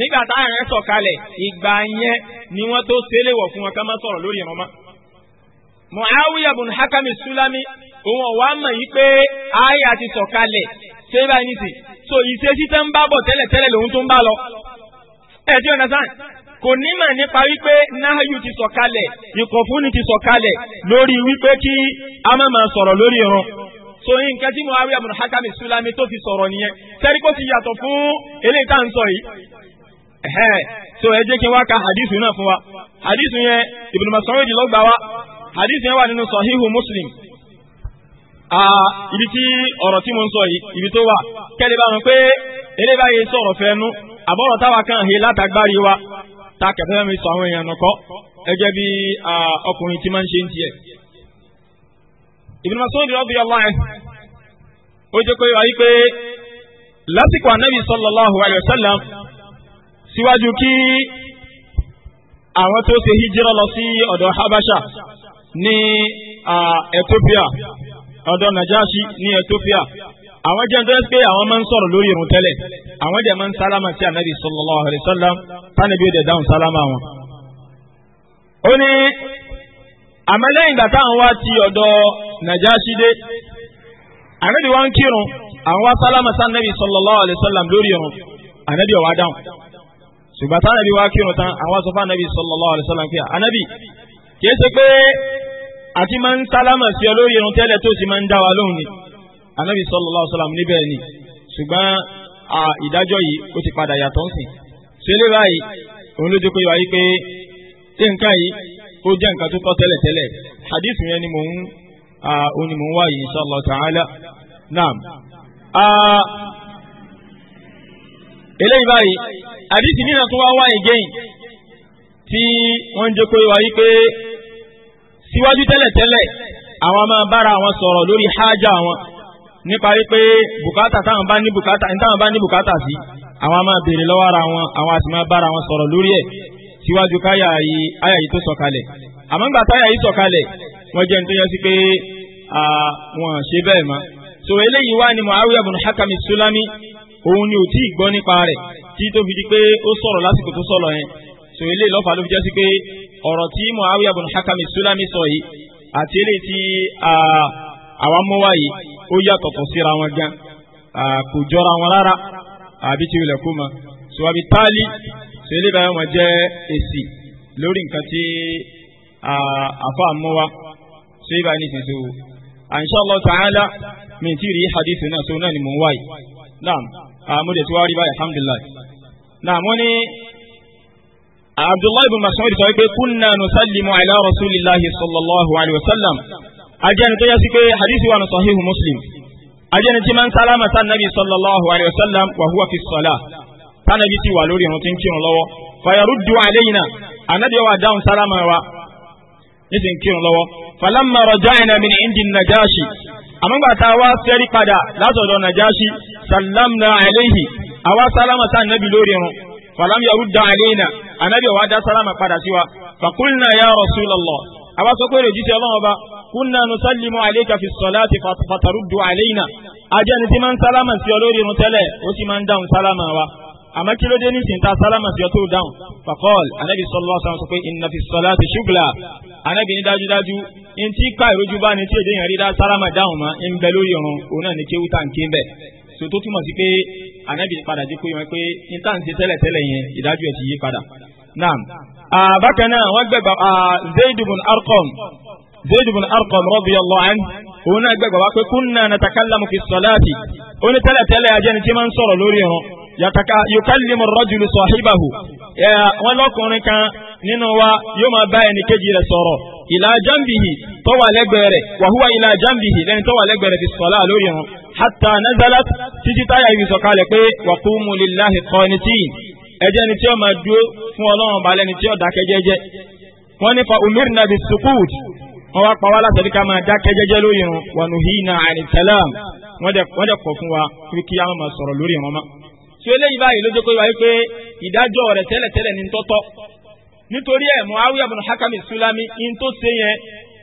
nígbà táyà rẹ̀ tọ̀kalẹ̀ ìgbà yẹn ni wọ́n tó ṣẹlẹ̀ wọ̀ fún wọn ká má sọ̀rọ̀ lórí ìrànmọ́. muawiya bun hakami sulami òun ọ̀wá mọ̀ pé aya ti sọ̀kalẹ̀ ṣé báyìí so ìṣesí tẹ́ ń bá bọ̀ tẹ́lẹ̀tẹ́lẹ̀ lòun tó ń lọ. ẹ ti ọ̀nà sáà kò nípa wípé nahayu ti sọ̀kalẹ̀ ìkọ̀fúnni ti sọ̀kalẹ̀ lórí wípé kí a má máa sọ̀rọ̀ lórí so yín tí hakami sulami tó fi sọ̀rọ̀ nìyẹn sẹ́rí fún eléyìí tá n hadith yẹn wà nínú sahihu muslim ibi tí ọ̀rọ̀ tí mo ń sọ yìí ibi tó wà kẹ́lẹ́ bá wọn pé eré báyìí sọ̀rọ̀ fẹ́ àbọ̀rọ̀ táwa kan he látàgbárí wa ta kẹfẹ́ mi sọ àwọn èèyàn nìkọ́ gẹ́gẹ́ bí ọkùnrin tí máa ń ṣe ń tiẹ̀. Ibn Mas'ud radiyallahu anhu ó jẹ́ pé wáyé pé lásìkò ànábì sallallahu alayhi wa sallam síwájú kí àwọn tó ṣe hijira lọ sí ọ̀dọ̀ habasha ní Ethiopia ọ̀dọ̀ Najashi ní Ethiopia àwọn jẹ́ nítorí pé àwọn máa ń sọ̀rọ̀ lórí irun tẹ́lẹ̀ àwọn jẹ́ máa ń sálámà sí anabi sallallahu alayhi wa sallam tánibí òde dáhùn sálámà wọn. ó ní àmẹ́lẹ́yìn ìgbà táwọn wá ti ọ̀dọ̀ Najashi dé anabi wá ń kírun àwọn wá sálámà sí anabi sallallahu alayhi wa sallam lórí irun anabi ọ̀wá dáhùn ṣùgbọ́n táwọn anabi wá kírun tán àwọn sọ anabi sallallahu alayhi wa sallam pé anabi kìí ṣe pé àti máa ń sálámà sí ọ lórí irun tẹ́lẹ̀ tó sì máa ń dá wa lóhùn ni anabi sallallahu alaihi wasallam níbẹ̀ ni ṣùgbọ́n ìdájọ́ yìí ó ti padà yàtọ̀ ń sìn ṣe lè báyìí òun ló dúpẹ́ wáyé pé ṣé nǹkan yìí ó jẹ́ nǹkan tó tọ́ tẹ́lẹ̀ tẹ́lẹ̀ hadith yẹn ni mò ń òun ni mò ń wá yìí inshallah ta'ala Nam eléyìí báyìí hadith nínú tó wá wá again tí wọ́n ń jẹ́ pé wáyé pé síwájú tẹ́lẹ̀tẹ́lẹ̀ àwọn máa bára wọn sọ̀rọ̀ lórí hájà wọn nípa wípé bùkátà táwọn bá ní bùkátà táwọn bá ní bùkátà sí àwọn máa béèrè lọ́wọ́ ara wọn àwọn àti máa bára wọn sọ̀rọ̀ lórí ẹ̀ síwájú káyà yìí áyà yìí tó sọ̀kalẹ̀ àmọ́ ńgbà táyà yìí sọ̀kalẹ̀ wọ́n jẹ́ nítorí sí pé wọ́n ṣe bẹ́ẹ̀ mọ́ so eléyìí wá ní Muawiya ibn Hakam Sulami òun ni ò tí ì gbọ́ nípa rẹ̀ tí tó fi di pé ó sọ̀rọ̀ lásìkò tó sọ̀rọ̀ yẹn so eléyìí lọ́fà ló fi jẹ́ sí pé ọ̀rọ̀ tí Muawiya ibn Hakam Sulami sọ yìí àti eléyìí tí àwa mú wá yìí ó yàtọ̀tọ̀ síra wọn gan kò jọra wọn rárá àbí tí ilẹ̀ kú ma sùwàbí táàlì sọ eléyìí báyọ̀ wọn jẹ́ èsì lórí nǹkan tí àfa mú sọ eléyìí ní ìsinsìnyí o insha Allah ta'ala mi ti rí hadith náà sọ náà ni mò ń wáyé naam àmúdẹ̀ tí wàá rí báyìí alhamdulillah naam wọ́n ní abdullahi ibn mas'ud sọ pé kunna nusallimu ala rasulillahi sallallahu alayhi wa sallam ajẹ́ni tó yẹ sí pé hadith wa sahihu muslim ajẹ́ni tí máa ń sálámà sá nabi sallallahu alayhi wa sallam wa huwa fi sọ́lá tánàbí ti wà lórí ìrántí kírun lọ́wọ́ fayaruddu alayna anabi wa dáhùn sálámà wa nísìn kírun lọ́wọ́ falamma raja'na min indi najashi àmọ́gbà tá a wá padà látọ̀dọ̀ najashi sallamna alayhi àwa sálámà sá nabi lórí ìrántí falam yarudda alayna anabi wa da salama padà sí wa fakulna ya rasulallah àwa sọ pé rèjì sí ọlọ́run ọba kunna nusallimu alayka fi salati fataruddu alayna ajẹ́ ni tí máa ń sálámà sí ọ lórí irun tẹ́lẹ̀ ó sì máa ń dáhùn sálámà wa àmọ́ kí ló dé nísìn tá sálámà sí ọ anabi sallallahu alaihi wasallam sọ inna fi salati shugla anabi ní dájúdájú ní tí ká ìrójú bá ní tí èdè yẹn rí dá sálámà dáhùn mọ́ ń bẹ lórí irun òun náà ní kéwú tá à ń ké so tó túmọ̀ sí pé ànábì padà jẹ́ kó yẹ pé n tá n ṣe tẹ́lẹ̀tẹ́lẹ̀ yẹn ìdájọ́ ẹ̀ ti yí padà. naam bákan náà wọ́n gbẹ̀gbà zayd ibn arqam zayd ibn arqam òun náà gbẹ̀gbà wá pé kunna natakallamu fi salati ó ní tẹ́lẹ̀tẹ́lẹ̀ ajẹ́ni tí máa ń sọ̀rọ̀ lórí ìran yàtàkà yukallimu ar-rajulu sahibahu wọn kan nínú wa yóò máa bá ẹni kejì rẹ̀ sọ̀rọ̀ ìlà jambihi lẹ́gbẹ̀ẹ́ rẹ̀ wa huwa lẹ́ni tó lẹ́gbẹ̀ẹ́ rẹ̀ fi sọlá lórí ìran hatta nazalat títí táyà ibi sọ̀kalẹ̀ pé waqumu lillahi qanitin ẹjẹ́ ni tí ó máa dúró fún ọlọ́run balẹ̀ ni tí ó dákẹ́ jẹ́jẹ́ wọ́n ní fa umirna bis sukut wọ́n wá pa wá láti ẹ̀ríkà máa dákẹ́ jẹ́jẹ́ lórí irun wa nuhina ani salam wọ́n dẹ̀ kọ̀ fún wa kí kí á máa sọ̀rọ̀ lórí irun mọ́. tí ó léyìí báyìí lójó pé wáyé pé ìdájọ́ rẹ̀ tẹ́lẹ̀tẹ́lẹ̀ ní tọ́tọ́ nítorí ẹ̀ Muawiya ibn Hakam Sulami in tó ṣe yẹn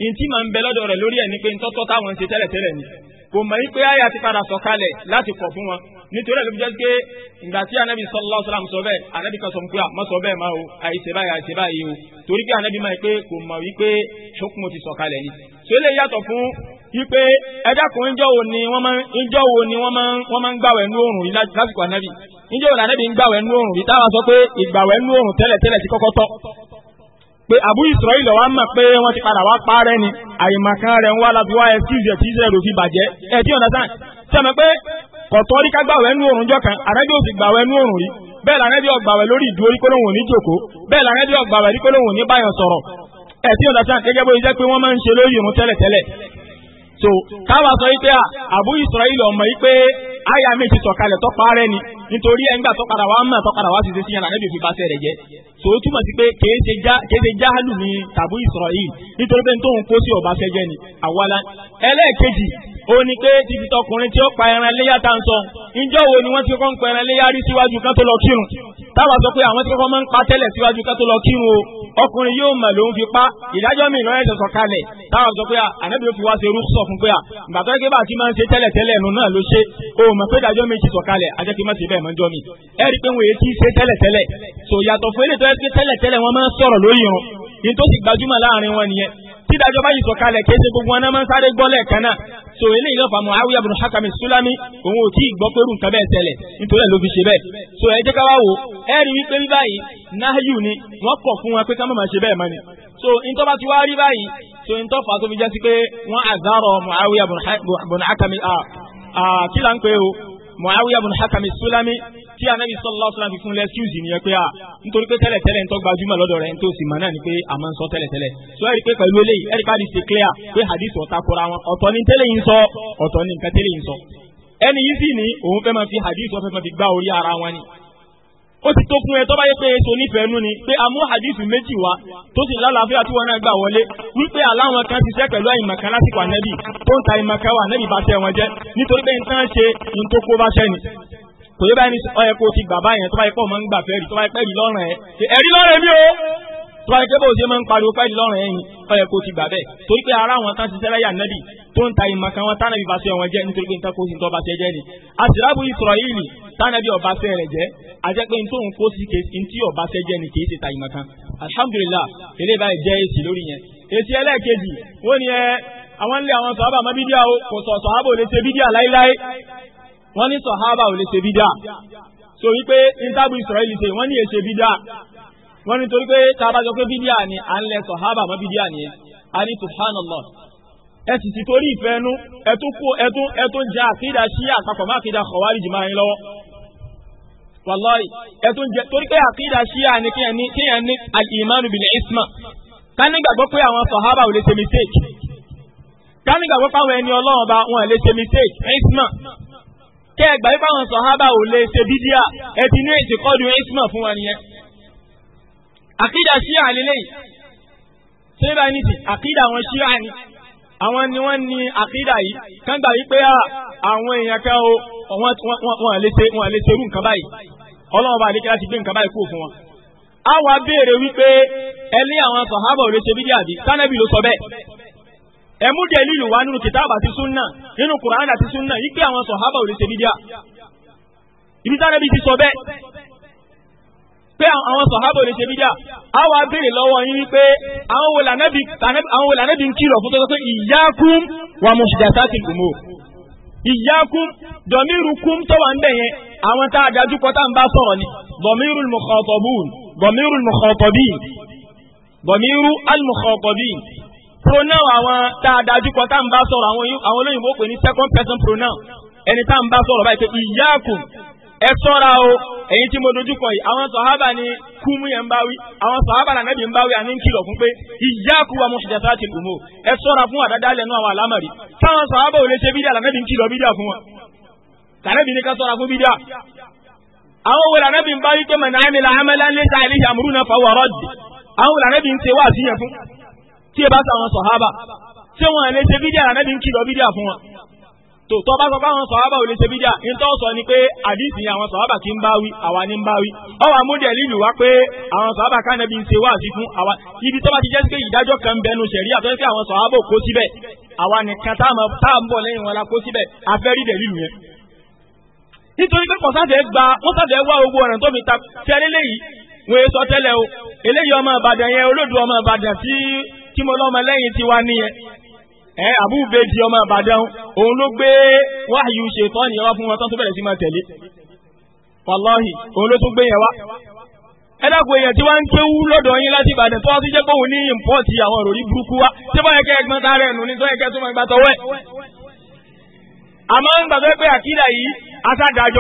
in tí màá ń bẹ lọ́dọ̀ rẹ̀ lórí ẹ̀ ní pé ntọ́tọ́ táwọn ń ṣe tẹ́lẹ̀tẹ́lẹ̀ ni kò mọ̀ wípé àyà ti padà sọ̀kalẹ̀ láti kọ̀ fún wọn nítorí ẹ̀lú jẹ́ pé ìgbà tí anabi sallallahu alaihi wasallam sọ bẹ́ẹ̀ anabi kan sọ pé àmọ́ ah, sọ bẹ́ẹ̀ máa o àìṣe báyìí àìṣe báyìí o torí pé anabi máa pé kò mọ̀ wípé ṣókùn ti sọ̀kalẹ̀ ni. sọ eléyìí yàtọ̀ fún wípé ẹ̀dá kan ńjọ́ wo ni wọ́n máa ńjọ́ wo ni wọ́n máa wọ́n máa ń gbàwẹ̀ ní oòrùn yìí lásìkò anabi ńjọ́ wo ni anabi ń gbàwẹ̀ ní oòrùn yìí táwọn sọ pé ìgbàwẹ̀ ní oòrùn tẹ́lẹ̀tẹ́lẹ̀ ti kọ́kọ́ tọ́ pé Abu Israel wa mọ̀ pé wọ́n ti padà wá parẹ́ ni àyèmàkan rẹ̀ ń wá láti wá excuse tí israel ò fi bàjẹ́ ẹ ti ọ̀nà sáà sẹ́mi pé kọ̀tọ́ rí ká gbàwẹ́ nú òrùn jọ́kan àrẹ́bí ò sì gbàwẹ́ nú òrùn rí bẹ́ẹ̀ làrẹ́bí ọ̀gbàwẹ́ lórí ìdúró rí kólóhùn ní jòkó bẹ́ẹ̀ làrẹ́bí ọ̀gbàwẹ́ rí kólóhùn ní báyọ̀ sọ̀rọ̀ ẹ ti gẹ́gẹ́ bó jẹ́ pé wọ́n máa ń ṣe lórí ìrun tẹ́lẹ̀tẹ́lẹ̀ so káwa sọ yìí pé Abu Israel ọmọ yìí pé àyà méjì sọ̀kalẹ̀ tó ni nítorí ẹ̀ńgbà tó padà wá mọ̀ tó padà wá ṣiṣẹ́ sí yàrá níbi òfin bá sẹ̀rẹ̀ jẹ́ tó túmọ̀ sí pé kéde jáhálù ni tàbú Israel nítorí pé tóun kó sí ọba sẹ́jẹ́ ni àwala ẹlẹ́ẹ̀kejì ó ní pé títí tọkùnrin tí ó pa ẹran léyà tá ń sọ ìjọ wo ni wọ́n ti kọ́ ń pa ẹran léyà rí síwájú kan tó lọ kírun táwa sọ pé àwọn tí kọ́kọ́ máa ń pa tẹ́lẹ̀ síwájú ká tó lọ kírun o ọkùnrin yóò mọ̀ ló ń fi pa ìdájọ́ mi ìran ẹ̀sẹ̀ sọ̀kalẹ̀ táwa sọ pé ànábì ó fi wá ṣe rúkṣọ̀ fún pé ìgbà tó bá a ti máa ń ṣe tẹ́lẹ̀ tẹ́lẹ̀ nù náà ló ṣe o mọ̀ pé ìdájọ́ mi ti sọ̀kalẹ̀ ajẹ́ kí má ṣe bẹ́ẹ̀ mọ́jọ́ mi ẹ rí i pé wọn èyí ti ṣe tẹ́lẹ̀ tẹ́lẹ̀ so yàtọ̀ fún eléyìí tó yẹ kí tẹ́lẹ̀ tẹ́lẹ̀ wọn máa ń sọ̀rọ̀ lórí tí ìdájọ́ bá yìí sọ kalẹ̀ kí ẹsẹ̀ gbogbo wọn náà máa ń sáré gbọ́ lẹ́ẹ̀kan náà so eléyìí náà fàmù Muawiya ibn Hakam Sulami òun ò tí ì gbọ́ pé irú nǹkan bẹ́ẹ̀ ṣẹlẹ̀ nítorí ẹ̀ ló fi ṣe bẹ́ẹ̀ so ẹ jẹ́ ká wá wò ẹ rí wípé bí báyìí náhayù ni wọ́n kọ̀ fún wọn pé ká má máa ṣe bẹ́ẹ̀ mọ́ ni so ntọ́ bá ti wá rí báyìí so ntọ́ fà tó fi jẹ́ sí pé wọ́n àzárọ̀ Muawiya ibn Hakam kí là ń Sulami tí anabi sallallahu alaihi wasallam fi fún lẹ́sùs nìyẹn pé a ah, nítorí pé tẹ́lẹ̀tẹ́lẹ̀ ntọ́ gbajúmọ̀ lọ́dọ̀ rẹ̀ ntọ́ sì máa náà ni pé a máa ń sọ tẹ́lẹ̀tẹ́lẹ̀ so ẹ̀rí pé pẹ̀lú eléyìí ẹ̀rí ká di ṣe clear pé hadith ọ̀tá kura wọn ọ̀tọ̀ ni tẹ́lẹ̀ yìí ń sọ ọ̀tọ̀ ni nǹkan tẹ́lẹ̀ yìí ń sọ ẹni yìí sì ni òun fẹ́ máa fi hadith ọ̀fẹ́ máa fi gbá orí ara wọn ni ó ti tó fún ẹ tó bá yẹ pé èso nífẹ̀ẹ́ nú ni pé a mú hadith méjì wá tó sì lálàáfíà tí wọn náà gbà wọlé wípé aláwọn kan ti ṣe pẹ̀lú àyìnmọ̀ká lásìkò ànẹ́bì tó ń ta àyìnmọ̀ká wà ànẹ́bì bá tẹ wọn jẹ nítorí pé nǹkan ṣe nǹkan kó bá ṣẹ́ ni kò yẹ báyìí ọyẹ kó ti bàbá yẹn tó bá yẹ pọ̀ máa ń gbà fẹ́ẹ̀rì tó bá yẹ pẹ́ẹ̀rì lọ́rùn ẹ̀ ẹ̀rí lọ́rùn mi o tó bá yẹ pé bó ṣe máa ń pariwo pẹ́ẹ̀rì lọ́rùn ẹ̀yìn ọyẹ kó ti gbà bẹ́ẹ̀ torí pé ara àwọn tán ti sẹ́lẹ̀ yà nẹ́bì tó ń ta ìmọ̀ kan wọn tánàbí bá ṣe wọn jẹ́ nítorí pé nǹkan kó sì ń tọ́ bá ṣe jẹ́ ni àṣìláàbù ìsọ̀rọ̀yìnì tánàbí ọba ṣe rẹ̀ jẹ́ àjẹ́ pé nítorí òun kó sí ntí wọ́n ní sọ̀hábà ò lè ṣe bídà so wípé intabu israeli ṣe wọ́n ní èṣe bídà wọ́n ní torí pé tá a bá jọ pé bídà ni à ń lẹ sọ̀hábà mọ́ bídà ni a ní subhanallah ẹ sì ti torí ìfẹ́ ẹnu ẹtún kú ẹtún ẹtún jẹ àkídà ṣíyà àpapọ̀ má àkídà kọ̀wárì jì máa ń lọ́wọ́ wàláì ẹtún jẹ torí pé àkídà ṣíyà ni kéèyàn ní kéèyàn ní al-imanu isma ká nígbàgbọ́ pé àwọn sọ̀hábà ò lè ṣe mistake ká nígbàgbọ́ pé àwọn ẹni ọlọ́run ọba wọn lè ṣe mistake isma kẹ́ ẹ gbà wípé àwọn sọ̀hábà ò lè ṣe bídíà ẹ ti ní ètò kọ́ọ̀dù isma fún wa nìyẹn. àkídà ṣíà lélẹ́yìn ṣé bá ní ti àkídà àwọn ṣíà ni àwọn ni wọ́n ní àkídà yìí kán gbà wípé àwọn èèyàn kan o wọ́n lè ṣe wọ́n lè ṣe nǹkan báyìí ọlọ́run bá lè kí láti gbé nǹkan báyìí kúrò fún wọn. a wá béèrè wípé ẹ ní àwọn sọ̀hábà ò lè ṣe bídíà bí sànẹ́bì ló sọ bẹ́ẹ̀ ẹ mú dẹ̀lílù wá nínú kìtàbà àti súnà nínú kùránì àti súnà yìí pé àwọn sọ̀hábà ò lè ṣe bídíà ibi tí anábì ti sọ bẹ́ẹ̀ pé àwọn sọ̀hábà ò lè ṣe bídíà a wá béèrè lọ́wọ́ yín wípé àwọn wo lànàbì ń kìlọ̀ fún tó sọ pé ìyákùn wà muhdathatil umur ìyákùn dọ̀mírukum tó wà ń bẹ̀ yẹn àwọn tá a dájú kọ tá n bá sọ̀rọ̀ ni dọ̀míru pronoun àwọn tá a dájú kọ tá à ń bá sọ̀rọ̀ àwọn olóyìnbó pè ní second person pronoun ẹni tá à ń bá sọ̀rọ̀ báyìí pé ìyáàkùn ẹ sọ́ra o ẹ̀yin tí mo dojúkọ yìí àwọn sọ̀hábà ni kúmú yẹn ń bá wí àwọn sọ̀hábà là nẹ́bí ń bá wí àní ń kìlọ̀ fún pé ìyáàkú wa muhdathatil umur ẹ sọ́ra fún àdáda lẹ́nu àwọn àlámọ̀rí táwọn sọ̀hábà ò lè ṣe bídíà là nẹ́bí ń kìlọ̀ bídíà fún wọn kànẹ́bí ni ká sọ́ra fún bídíà. àwọn wo là nẹ́bí ń fún tí ẹ bá sọ àwọn sọ̀hábà tí wọn lè ṣe bídíà ànábì ń kìlọ̀ bídíà fún wọn tó tọ́ bá sọ pé àwọn sọ̀hábà ò lè ṣe bídíà ń tọ́ sọ ni pé àdìsí àwọn sọ̀hábà kì ń bá wí àwa ni ń bá wí ọwọ́ amúdẹ̀ lílù wá pé àwọn sọ̀hábà kánẹ́bí ń ṣe wá sí fún àwa ibi tó bá ti jẹ́ sí pé ìdájọ́ kan bẹnu ṣẹ̀rí àtọ́ sí àwọn sọ̀hábà kó síbẹ̀ àwa nìkan tá à ń bọ̀ lẹ́yìn wọn la kó síbẹ̀ afẹ́rí dẹ̀ lílù yẹn nítorí pé kọ̀sáfẹ́ gba wọ́n sáfẹ́ wá owó ọ̀ràn tó fi ta fẹ́rẹ́lẹ́ yìí wọ́n sọ tẹ́lẹ̀ o eléyìí ọmọ Ìbàdàn yẹn olódù ọmọ Ìbàdàn tí tí mo lọ́mọ lẹ́yìn wá ní ẹ àbúbejì ọmọ Ìbàdàn òun ló gbé wáyù ṣètọ́ ní ọwọ́ fún wọn tó tó bẹ̀rẹ̀ sí máa tẹ̀lé wàláhì òun ló tún gbé yẹn wá ẹ dákun èèyàn tí ń lọ́dọ̀ yín láti Ìbàdàn tó wá tún jẹ́ pé òun ní ìmpọ́ọ̀tì àwọn òròrí burúkú wá bá ẹgbọ́n pé yìí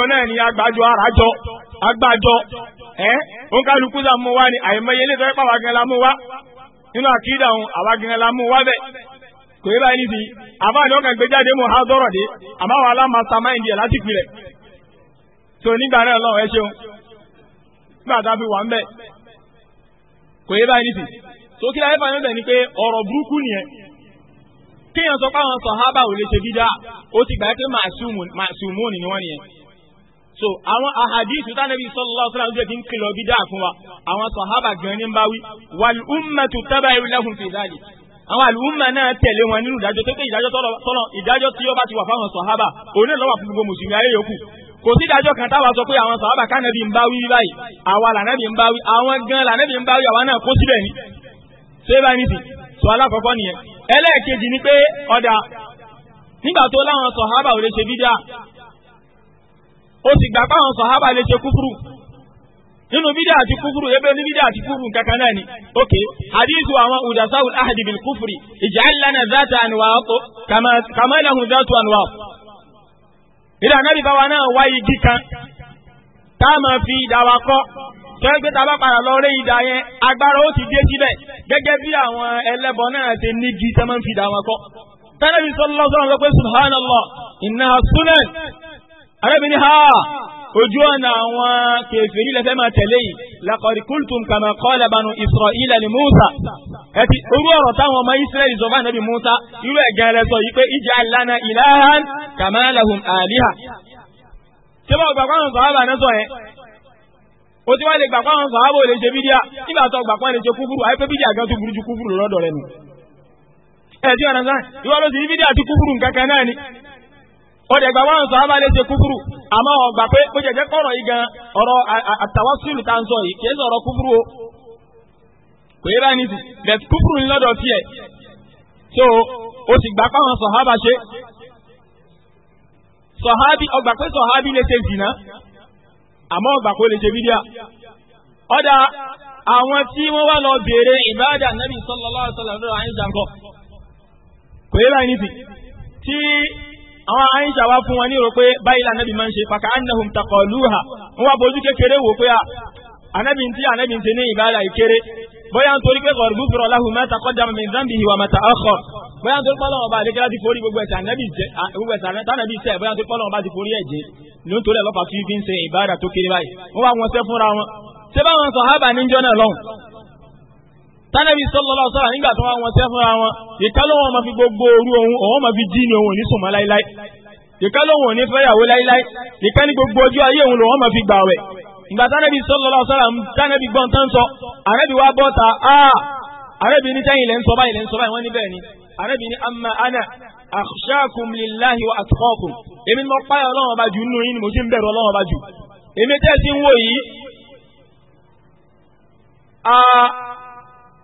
náà ni agbájọ arájọ agbájọ nínú àkídà òun àwa la mú wábẹ̀ kò yẹ báyìí níbi àbá ni ó kàn mọ̀ ha dọ́rọ̀ dé àmọ́ àwọn ẹ̀ láti pilẹ̀ tó nígbà náà lọ́wọ́ ẹ ṣeun nígbà tá a fi wà ń kò láyé ni pé burúkú nìyẹn kéèyàn sọ pé àwọn ò lè ṣe ó ti gbà pé ni so àwọn ahadithu tánàbí sallallahu alaihi wasallam ń kìlọ̀ bídà fún wa àwọn sàhábà gan ní bá wí wal ummatu tabi'u lahum fi dhalik àwọn àlùmọ̀ náà tẹ̀lé wọn nínú ìdájọ́ tó pé ìdájọ́ tọ́lọ̀ ìdájọ́ tí ó bá ti wà fáwọn sàhábà òun ló wà fún gbogbo mùsùlùmí ayé yòókù kò sí ìdájọ́ kan táwa sọ pé àwọn sàhábà kánàbí ń bá wí báyìí àwa lànàbí ń bá wí àwọn gan lànàbí ń bá wí àwa náà kó síbẹ̀ ni ṣé bá ní sì sọ alákọ̀ọ́kọ́ nìyẹn ẹlẹ́ẹ̀kejì ni pé ọ̀dà nígbà tó láwọn sàhábà ò lè ṣe bídà ó sì gbà páwọn sàhábà lè ṣe kúfúrú nínú bídà àti kúfúrú ebe ní bídà àti kúfúrú kankan náà ni ok hadithu àwọn udasawul ahadi bil kufri ij'al lana zata anwaat kama kama lahum zatu anwaat ìdá anábì bá wa náà wá igi kan tá a máa fi ìdá wa kọ́ tó ń gbé tá a bá padà lọ rí ìdá yẹn agbára ó ti dé síbẹ̀ gẹ́gẹ́ bí àwọn ẹlẹ́bọ náà ti nígi tá a máa ń fi ìdá wọn kọ́. tẹ́lẹ̀ bí sọ́lọ́sọ́rọ̀ arábìnrin ha ojú ọ̀nà àwọn kèfèrí lẹ́fẹ́ máa tẹ̀lé yìí laqad qultum kama qala banu isra'ila li musa ẹ̀tì orú ọ̀rọ̀ táwọn ọmọ israẹli sọ fún ànábì musa irú ẹ̀gẹ́ rẹ sọ yìí pé ij'al lana ilahan kama lahum aliha. ṣé bá gbàgbọ́ àwọn sọ̀hábà náà sọ yẹn o ti wá lè gbàgbọ́ àwọn sọ̀hábà ò lè ṣe bídíà nígbà tó gbàgbọ́ lè ṣe kúkúrú àyẹ́pẹ́ bídíà gan tó burú ju kúkúrú lọ́dọ̀ rẹ nù. ẹ̀ wọ́n dẹ̀ gba wọ́n sọ abá lè ṣe kúkúrú àmọ́ ọgbà pé ó jẹ̀jẹ̀ kọ̀rọ̀ yìí gan ọ̀rọ̀ àtàwọ́sùlù tá ń sọ yìí kìí sọ̀rọ̀ kúkúrú o kò yẹ báyìí nìsí bẹ̀t kúkúrú ni lọ́dọ̀ tiẹ̀ so o sì gbà sọ sọ̀hábà ṣe sọ̀hábì ọgbà pé sọ̀hábì lè ṣe àmọ́ ọgbà pé ó lè ṣe ọ̀dà àwọn tí wọ́n wá lọ béèrè ìbáàdà nàbì àwọn àyíṣà wá fún wọn ní rò pé báyìí lànàbì máa ń ṣe fàkà annahum taqaluha wọn wá bójú kékeré wò pé ànábì tí ànábì ti ní ìbára ìkéré bóyá nítorí pé kọ̀ọ̀rù gúfúrọ̀ láhùn mẹ́ta kọjá mi zambi ìwà mẹ́ta ọkọ̀ bóyá nítorí pọ́lọ́ ọba àdékẹ́lá ti forí gbogbo ẹ̀sẹ̀ ànábì tẹ̀ bóyá nítorí pọ́lọ́ ọba ti forí ẹ̀jẹ̀ ni ó torí ẹ̀lọ́pàá fi fi ń ṣe ìbára tó kéré báyìí wọ́n wá tánàbí sọlọ́lá ọ̀sọ́lá nígbà tó wá wọn tẹ́ fúnra wọn ìkálóhùn ọmọ fi gbogbo òru òun òun ma fi jí ni òun ní sùnmọ́ láíláí ìkálóhùn òní fẹ́yàwó láíláí ìká ní gbogbo ojú ayé òun lòun ma fi gbà wẹ̀ ìgbà tánàbí sọlọ́lá ọ̀sọ́lá tánàbí gbọ́n tán sọ àrẹ́bí wá bọ́ ta áà àrẹ́bí ní tẹ́yìn lẹ́ńsọ báyìí lẹ́ńsọ báyìí wọ́n ní bẹ́ẹ̀ ni àrẹ́bí ní amma ana akhshakum lillahi wa atqakum èmi mọ́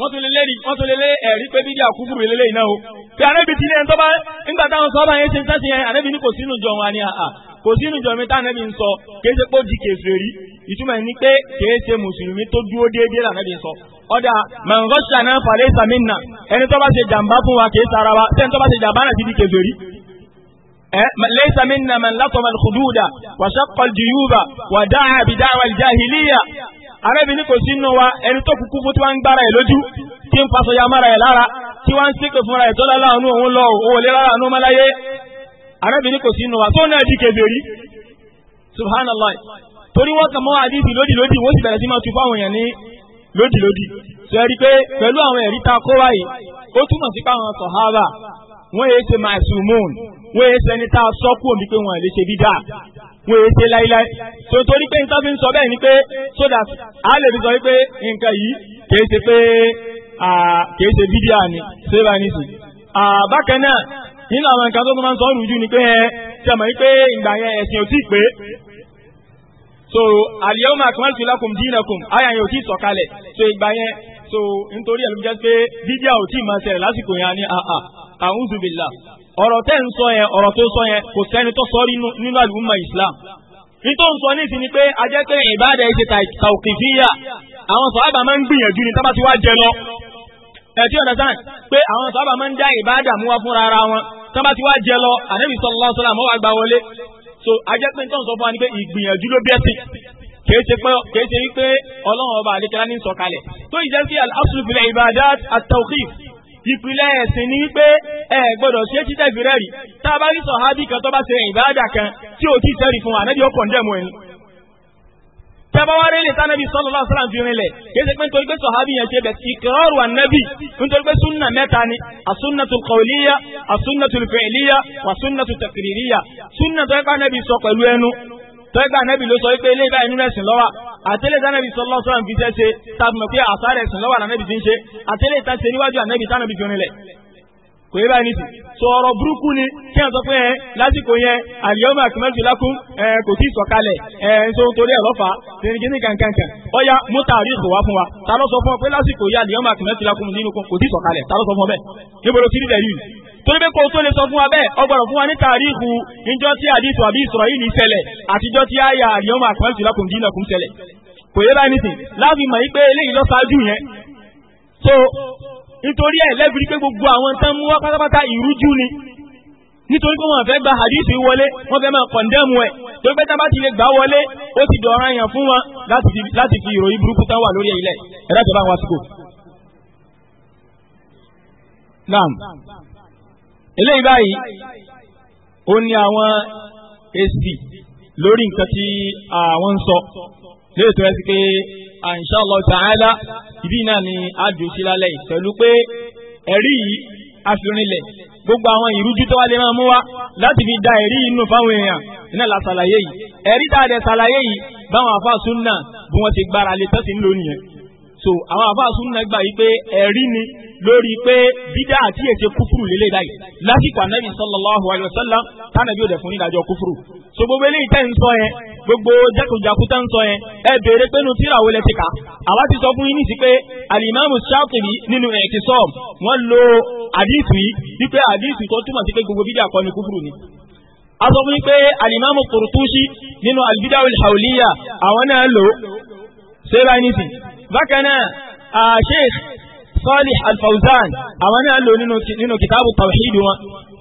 wọ́n tún lè lé wọ́n tún lè lé ẹ̀rí pé bídíà kúfùrù lélẹ̀ iná o. pé ànábì tí lẹ́yìn tó bá nígbà táwọn sọ́ọ́bà yẹn ṣe ń sẹ́sìn yẹn ànábì ní kò sínú jọ wọn ni àà kò sínú jọ mi tá ànábì ń sọ kì í ṣe pé ó di kèfèrí ìtumọ̀ ní pé kì í ṣe mùsùlùmí tó dúró déédéé lànàbì ń sọ. ọ̀dà mọ̀ngọ́ṣà náà falẹ̀ sàmínà ẹni tó bá ṣe jàǹbá fún wa kì í ليس منا من لطم الخدود وشق الجيوب ودعا بدعوى الجاهلية arábìnrin kò sí nínú wa ẹni tó kúkú fún tí wọ́n ń gbára ẹ̀ lójú tí ń fasọ̀yà mára ẹ̀ lára tí wọ́n ń sípè fúnra ẹ̀ tó láláàánú òun lọ òun lè lára àánú mọ́láyé arábìnrin kò sí nínú wa tó náà di kèfèrí subhanallah torí wọ́n kàn mọ́ àdìsí lódì lódì wọ́n sì bẹ̀rẹ̀ sí máa tu fáwọn èèyàn ní lódì lódì tó ẹ rí i pé pẹ̀lú àwọn ẹ̀rí ta kó wáyé ó túmọ̀ sí káwọn sọ̀hábà wọ́n yéé ṣe màṣùmùn wọ́n yéé ṣe ẹni tá a sọ́kù òbí pé wọ́n lè ṣe bídà wọ́n èé ṣe láíláí tó torí pé nǹkan fi ń sọ bẹ́ẹ̀ ni pé so that a lè fi sọ wípé nǹkan yìí kìí ṣe pé kìí ṣe bídíà ni ṣé bá ní sùn. bákan náà nínú àwọn nǹkan tó tún máa ń sọ ọ́ rújú ni pé ṣe mọ̀ wípé ìgbà yẹn ẹ̀sìn ò tí ì pé so al-yawma akmaltu lakum dinakum àyà yẹn ò tí ì sọ̀kalẹ̀ so ìgbà yẹn so nítorí ẹ̀ ló jẹ́ pé bídíà ò tí ì máa ṣẹlẹ̀ lásìkò yẹn billah ọ̀rọ̀ tẹ́ ń sọ yẹn ọ̀rọ̀ tó sọ yẹn kò sẹ́ni tó sọ nínú àlùmọ̀ islam nítorí ń sọ ní ìsìn ni pé a jẹ́ pé ìbáàdà ẹ̀ ṣe tàùkìfíyà àwọn sọ̀hábà máa ń gbìyànjú ni tábà ti wá jẹ lọ ẹ̀tí ọ̀dà sáà pé àwọn sọ̀hábà máa ń dá ìbáàdà mú wá fúnra ara wọn tábà ti wá jẹ lọ ànábì sallallahu alaihi wasallam àgbà wọlé so a jẹ́ pé nítorí sọ fún wa ni pé ìgbìyànjú ló bí ẹ̀sìn kìí ṣe pé ọlọ́run ọba àdékẹ́lá ní sọ̀kalẹ̀ tó ìjẹ́ sí al-aslu fil ìpìlẹ̀ ẹ̀sìn ni wípé ẹ gbọ́dọ̀ ṣe títẹ̀ fìrẹ́ rí tá a bá rí sọ̀hábì kan tó bá ṣe ìbáradà kan tí ò tí ì sẹ́rì fún wa anábì ó kọ̀ndẹ̀mù ẹni. tẹ́bá wá rí lẹ́tà anábì sallallahu alaihi wasallam fi rinlẹ̀ kì í ṣe tọ́gbà nẹ́bì ló sọ wípé ilé báyìí nínú ẹ̀sìn lọ́wà àtẹ́lẹ̀ tánẹ́bì sọ lọ́sọ́ àmì fíṣẹ́ ṣe tàbí pé àsáré ẹ̀sìn lọ́wà lànẹ́bì ti ń ṣe àtẹ́lẹ̀ tá níwájú ànẹ́bì tánẹ́bì fi rinlẹ̀ kò yé báyìí nìsí sọ burúkú ni kí ẹ̀ sọ pé ẹ lásìkò yẹn àlìyọ́mọ̀ àkùnmẹ́tù lákùn ẹ kò tí ì sọ̀kalẹ̀ ẹ ń so torí ẹ̀ lọ́fà tìrìkìní kankankan ọ̀ya mú tààrí ìkò wá fún wa ta ló sọ fún ọ pé lásìkò yẹn àlìyọ́mọ̀ àkùnmẹ́tù lákùn nínú kò tí ì sọ̀kalẹ̀ ta ló sọ fún ọ bẹ́ẹ̀ níbo ló ti rí yìí torí pé kó tó lè sọ fún wa bẹ́ẹ̀ ọgbọ̀rọ̀ fún wa ní tàríhù níjọ́ tí àdìsù àbí Ísírẹ́lì ṣẹlẹ̀ àtijọ́ tí àyà àríọ́mọ àkọ́ńtì lákùn dínàkùn ṣẹlẹ̀ kò yẹ báyìí nìsín láàbì mọ̀ pé eléyìí lọ ṣáájú yẹn so nítorí ẹ̀ lẹ́bi pé gbogbo àwọn tán mú wá pátápátá ìrújú ni nítorí pé wọn fẹ́ gba hadith wọlé wọn fẹ́ máa kọ̀ndẹ́mù ẹ̀ tó pé tábà ti lè gbà wọlé ó ti dọ̀ọ̀rọ̀ yàn fún wọn láti eléyìí báyìí ó ní àwọn èsì lórí nǹkan tí àwọn ń sọ léyìí tó sí pé insha Allah ta'ala ìdí náà ni àdùsí lálẹ́ yìí pẹ̀lú pé ẹ̀rí yìí afirinlẹ̀ gbogbo àwọn ìrújú tó wá lè máa mú wá láti fi da ẹ̀rí inú fáwọn èèyàn iná la ṣàlàyé yìí ẹ̀rí tá a dẹ̀ ṣàlàyé yìí báwọn àfa sunna bí wọ́n ti gbára lè tọ́sí ńlò nìyẹn so àwọn àfáàsùn náà gbà yí pé ẹ̀rí ni lórí pé bídà àti ètè kúfùrù lélẹ̀ dáyìí lásìkò ànábì sallallahu alayhi wa sallam tánàbí òde fún ìdájọ́ kúfùrù. so gbogbo eléyìí tẹ́ ń sọ yẹn gbogbo jákujàku tẹ́ ń sọ yẹn ẹ béèrè pé nu tíra wo lẹ ti kà àwa ti sọ fún yín nìsí pé alimami Shatibi nínú ẹ̀kí sọ wọ́n lo àdìsù yìí wípé àdìsù tó túmọ̀ sí pé gbogbo bídà kọ́ ni kúfùrù ni a sọ fún yín pé alimami Qurtushi nínú al-Bid'ah àwọn náà lò ṣé báyìí bákan náà sheikh salih al-fawzan àwọn náà lò nínú kitabu tawhid wọn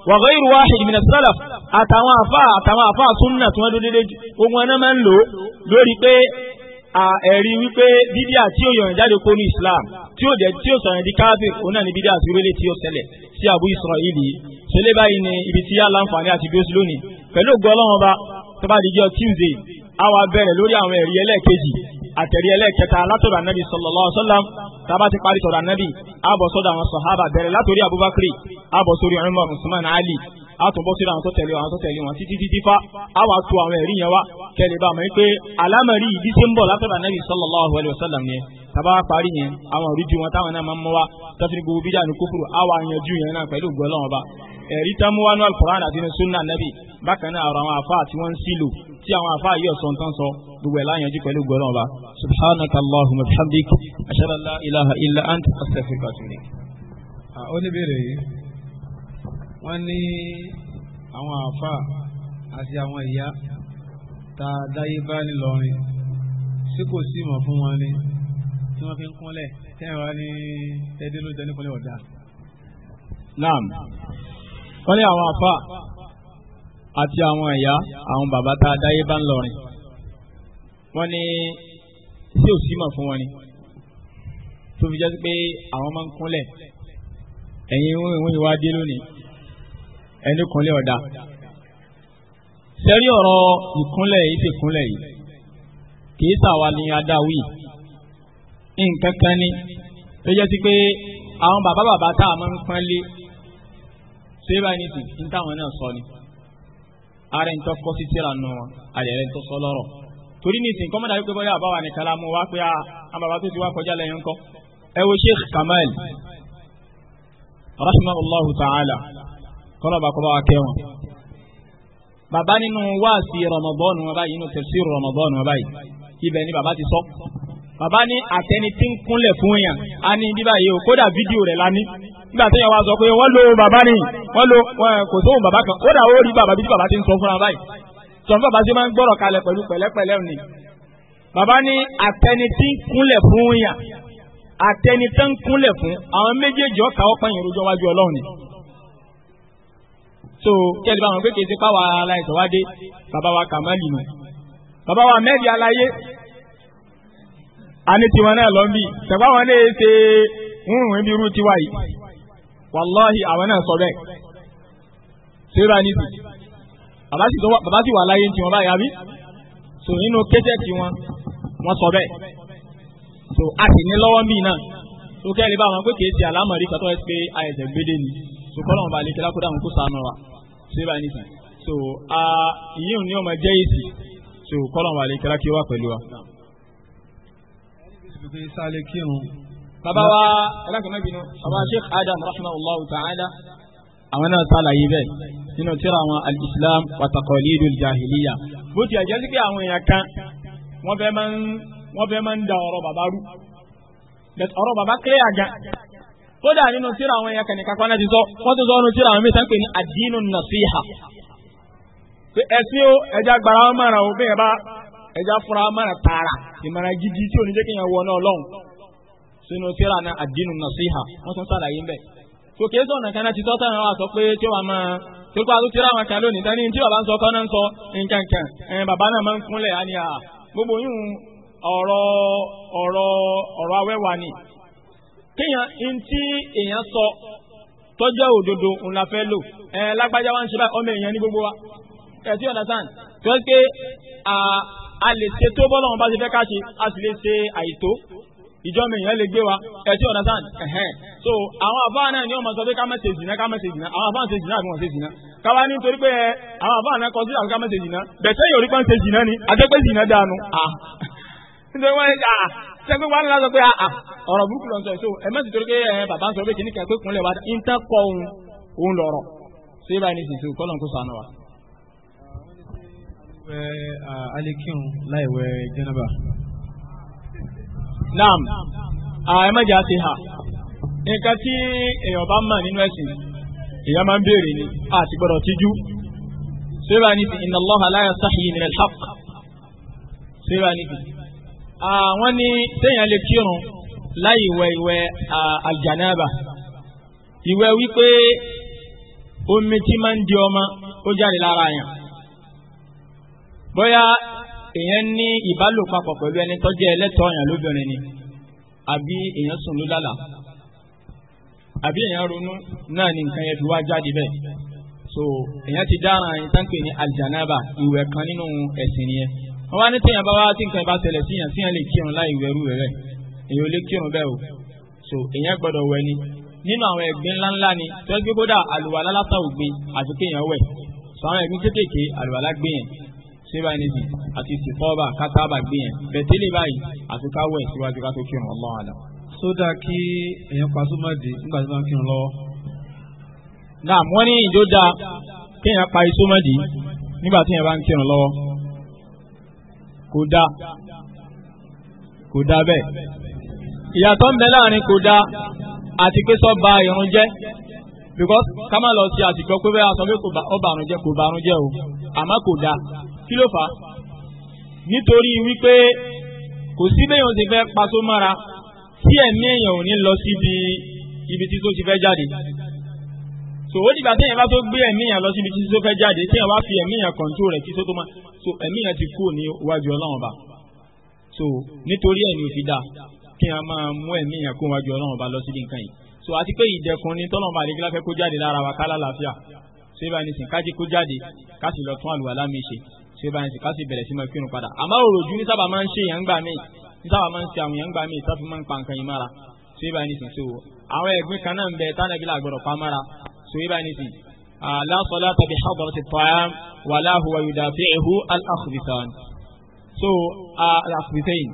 wa ghayru wahid min as-salaf àtàwọn afa àtàwọn afa sunna tí wọ́n dúró déédéé ogun ọ̀nà máa ń lò lórí pé ẹ̀rí wípé bídíà tí ó yọ̀rìn jáde kó ní islam tí ó jẹ́ tí ó sọ̀rọ̀ di káfíìn òun náà ni bídíà tí orílẹ̀ tí ó ṣẹlẹ̀ sí àbú israẹli ṣẹlẹ̀ báyìí ni ibi tí aláǹfààní àti bí ó sì lónìí pẹ̀lú ògbọ́ ọlọ́run ọba tó bá dijọ́ tuesday a wá bẹ̀rẹ̀ lórí àwọn ẹ̀rí ẹlẹ́ẹ̀kejì àtẹ̀rí ẹlẹ́ẹ̀kẹta látọ̀dọ̀ ànábì sallallahu alaihi wasallam tábà ti parí tọ̀dọ̀ ànábì àbọ̀ sọ́dọ̀ àwọn sàhábà bẹ̀rẹ̀ látòrí abubakar àbọ̀ sórí umar usman ali àtúnbọ̀ sórí àwọn tó tẹ̀lé àwọn tó tẹ̀lé wọn títí títí fa àwà tu àwọn ẹ̀rí yẹn wá kẹlẹ̀ bá mọ̀ pé alámọ̀rí ìdí tí ń bọ̀ látọ̀dọ̀ ànábì sallallahu alaihi wasallam yẹn tábà parí yẹn àwọn òrí ju wọn táwọn náà máa ń mọ́ wa tọ́fin gbogbo bídà ní kúfùrù àwà yẹn ju yẹn náà pẹ̀lú gbọ́lọ́wọ́n ba ẹ̀rí tá mú wánú al-Qur'an àti sunna ànábì bákan náà àwọn àfa àti wọ́n ń sílò tí àwọn àfa yìí ọ̀sán tán sọ gbogbo ẹ̀ láyànjú pẹ̀lú gbọ́dọ̀ ọba subhanaka allahumma bihamdik ashhadu an la ilaha illa ant astaghfiruka wa atubu ilayk. oníbèrè yìí wọ́n ní àwọn àfa àti àwọn ìyá tá a dáyé bá nílọrin tí kò sí ìmọ̀ fún wọn ni tí wọ́n fi ń kúnlẹ̀ tẹ́yìn wá ní ẹdínlójọ nípínlẹ̀ ọ̀dà. naam wọ́n ní àwọn àfa àti àwọn ìyá àwọn bàbá tá a dáyé bá ń lọrin wọ́n ní sí ò símọ̀ fún wọn ni tó fi jẹ́ pé àwọn máa ń kúnlẹ̀ ẹ̀yin ìwọ̀n ìwà dé lónìí ẹni kúnlẹ̀ ọ̀dà sẹ́rí ọ̀rọ̀ ìkúnlẹ̀ yìí ti kúnlẹ̀ yìí kìí sàwa ni adáwì nǹkan kan ni tó jẹ́ sí pé àwọn bàbá bàbá tá a máa ń pọ́n lé ṣé báyìí ní táwọn náà sọ ni ara ẹni tó kọ́ sí tíra nù wọn àyẹ̀ ẹni tó sọ lọ́rọ̀ torí ní ìsìn kọ́mọ́dà wípé bóyá àbáwá ní kalamu wá pé ah, àbàbà tó ti wá kọjá lẹ́yìn ńkọ́ ẹ wo Sheikh Kamal rahimahullahu ta'ala kọ́nà bá kọ́bá wa kẹ́wọ̀n bàbá nínú wáàsí Ramadan wọn báyìí nínú tafsir Ramadan wọn báyìí ibẹ̀ ni bàbá ti sọ bàbá ní àtẹni tí ń kúnlẹ̀ fún yàn á ní bíbá yìí o kódà fídíò rẹ̀ lá nígbà tó yẹ wá sọ pé wọ́n lo bàbá nìyí wọ́n lo kò sóhun bàbá kan kódà ó rí bàbá bí bàbá ti ń sọ fúnra báyìí sọ̀rọ̀ bàbá ti máa ń gbọ́rọ̀ kalẹ̀ pẹ̀lú pẹ̀lẹ́pẹ̀lẹ́ ni bàbá ní àtẹni tí ń kúnlẹ̀ fún yàn àtẹni tí ń kúnlẹ̀ fún àwọn méjèèjì ọ̀ka ọ̀pọ̀ yẹn rojọ́ wájú ọlọ́run ni. so kẹ́lẹ́ bá wọn pé kèsì pàwọ́ aláìsàn wá dé bàbá wa kà má lì mọ́ bàbá wa mẹ́rin aláyé àní tiwọn náà lọ bí tẹ̀gbọ́n wọn lè ṣe ń rìn bí irú tiwa yìí wàláhì àwọn náà sọ bẹ́ẹ̀ tẹ́lá ní ti bàbá sì wà láyé ní tiwọn báyìí àbí so nínú kẹ́sẹ̀ tí wọn wọn sọ bẹ́ẹ̀ so a sì ní lọ́wọ́ míì náà so kẹ́rin bá wọn pé kìí ṣe àlámọ̀rí kàtọ́ ẹ pé àìsàn gbélé ni so kọ́ lọ́wọ́ bá lè kíláàkó dáhùn kó sànù wa ṣé bá ní ti so ìyíhùn ni ọmọ jẹ́ èsì so kọ́ lọ́wọ́ bá lè kíláàkó wà pẹ̀lú wa. bàbá wa ẹlẹ́kùnrin bínú bàbá Sheikh Adam rahmanullah ta'ala àwọn náà sálàyé bẹ́ẹ̀. nínú awọn àwọn al-Islam jahiliya bó ti àjẹ́ sí pé àwọn èèyàn kan wọ́n fẹ́ máa ń da ọ̀rọ̀ bàbá rú ọ̀rọ̀ bàbá kílẹ̀ àga kódà nínú tíra àwọn èèyàn kan nìkan kan láti sọ wọ́n sọ àwọn ní pé o ẹja gbara wọn mara o bẹ́ẹ̀ bá ẹja fura mara tààrà ìmọ̀ràn tí jẹ́ kí wọ náà torípa ló ti ráwọn kan lónìí tani tí bàbá ń sọ kọ́ náà ń sọ nǹkan kan bàbá náà máa ń kúnlẹ̀ á ní à gbogbo yìí ọ̀rọ̀ ọ̀rọ̀ ọ̀rọ̀ awẹ́wà ni kéèyàn ntí èèyàn sọ tọ́jú òdodo òun la fẹ́ lò ẹ lágbájá wa ń ṣe báyìí ọmọ èèyàn ní gbogbo wa ẹtí ọ̀dásán tó ń pé a lè ṣe tó bọ́lọ̀ wọn bá ṣe fẹ́ ká ṣe a sì lè ṣe àìtó ìjọba èèyàn lè gbé wa ẹtí ọ̀dásán so àwọn àfáà náà ni wọ́n máa sọ pé ká má ṣe zìnà ká má ṣe àwọn àfáà ń ṣe zìnà àbí wọ́n ṣe zìnà káwá ní torí pé eh, àwọn àbá àná kọ sí àfikà mẹsẹ̀ jìnnà bẹ̀tẹ̀ yóò rí pàǹsẹ̀ jìnnà ni àtẹ́pẹ́ jìnnà dànù nítorí wọ́n ṣe àà sẹ́gbẹ́ wà lọ́sọ pé àà ọ̀rọ̀ burúkú lọ́sọ èso ẹ mẹ́sì torí pé eh, bàbá ń sọ pé kìíní kẹ́kẹ́ kúnlẹ̀ wá ń tẹ́ òun lọ̀rọ̀ ṣé báyìí ní ìsìnkú kọ́ lọ́n sànù wa. ẹ èyàn máa ń béèrè ni a ti gbọ́dọ̀ tijú síbà ní ti inna Allaha la yastahi min al-haqq síbà ní ti. àwọn ní téèyàn lè kírun láì wẹ̀ ìwẹ̀ aljanaba ìwẹ̀ wípé omi tí máa ń di ọmọ ó jáde lára yàn bóyá èèyàn ní ìbálòpapọ̀ pẹ̀lú ẹni tó jẹ́ lóbìnrin ni àbí èèyàn sùn ló lálàá àbí èèyàn ronú náà ni nǹkan yẹn fi wá jáde bẹ́ẹ̀ so èèyàn ti dára ẹni tá ń ní aljanaba ìwẹ̀ kan nínú ẹ̀sìn nìyẹn wọ́n wá ní téèyàn bá wá tí nǹkan bá ṣẹlẹ̀ síyàn síyàn lè kírun láì wẹ̀rú rẹ̀ èèyàn ò lè kírun bẹ́ẹ̀ o so èèyàn gbọ́dọ̀ wẹ̀ ni nínú àwọn ẹ̀gbin ńláńlá ni tó ẹgbẹ́ bódà àlùwàlá látà ògbin àti kéèyàn wẹ̀ so àwọn ẹ̀gbin kéékèèké àlùwàlá gbé yẹn síbà níbi àti ìsìnkọ́ ọba kátábà gbé yẹn bẹ̀tẹ́lẹ̀ báyìí àti káwẹ̀ síwájú ká tó kírun ọlọ́run àlọ́ sódà kí èèyàn pa súnmọ́dì nígbà tí wọ́n kí n lọ. náà wọ́n ní ìjó da kí èèyàn pa súnmọ́dì nígbà tí èèyàn bá ń kírun lọ́wọ́ kò da kò da bẹ́ẹ̀ ìyàtọ̀ ń bẹ láàrin kò da àti pé sọ ba irun jẹ́ because ká má lọ sí àtìgbọ́ pé bẹ́ẹ̀ sọ pé ó ba irun jẹ́ kò ba irun jẹ́ o àmọ́ kò da kí ló fà á nítorí wípé kò sí bẹ́ẹ̀ yóò ti fẹ́ pa tó mọ́ra tí ẹ̀mí èèyàn ò ní lọ síbi ibi tí tó ti fẹ́ jáde so ó dìgbà téèyàn bá tó gbé ẹ̀mí èèyàn lọ síbi tí tó fẹ́ jáde téèyàn bá fi ẹ̀mí èèyàn kọ̀ǹtó rẹ̀ tí tó tó máa so ẹ̀mí èèyàn ti kú ní iwájú ọlọ́run ọba so nítorí ẹ̀ ní òfin dá kí a máa mú ẹ̀mí èèyàn kó iwájú ọlọ́run ọba lọ síbi nǹkan yìí so àti pé ìdẹ̀kùn ni tọ́lọ́mọ àdégbélá fẹ́ kó jáde lára wa kálá làáfíà so ibà ní sìn kájí kó jáde ká sì lọ tún àlùwàlá mi ṣe so ibà ní sìn ká nítawa máa ń ṣe àwọn èèyàn gbà mí ìtàfi máa ń pa nǹkan yìí mára so yìí báyìí nìsín so àwọn ẹ̀gbin kan náà ń bẹ tánàbí là gbọdọ̀ pa mára so yìí báyìí nìsín la salata bi hadrati at-ta'am wa la huwa yudafi'uhu al-akhbithan so al-akhbithayn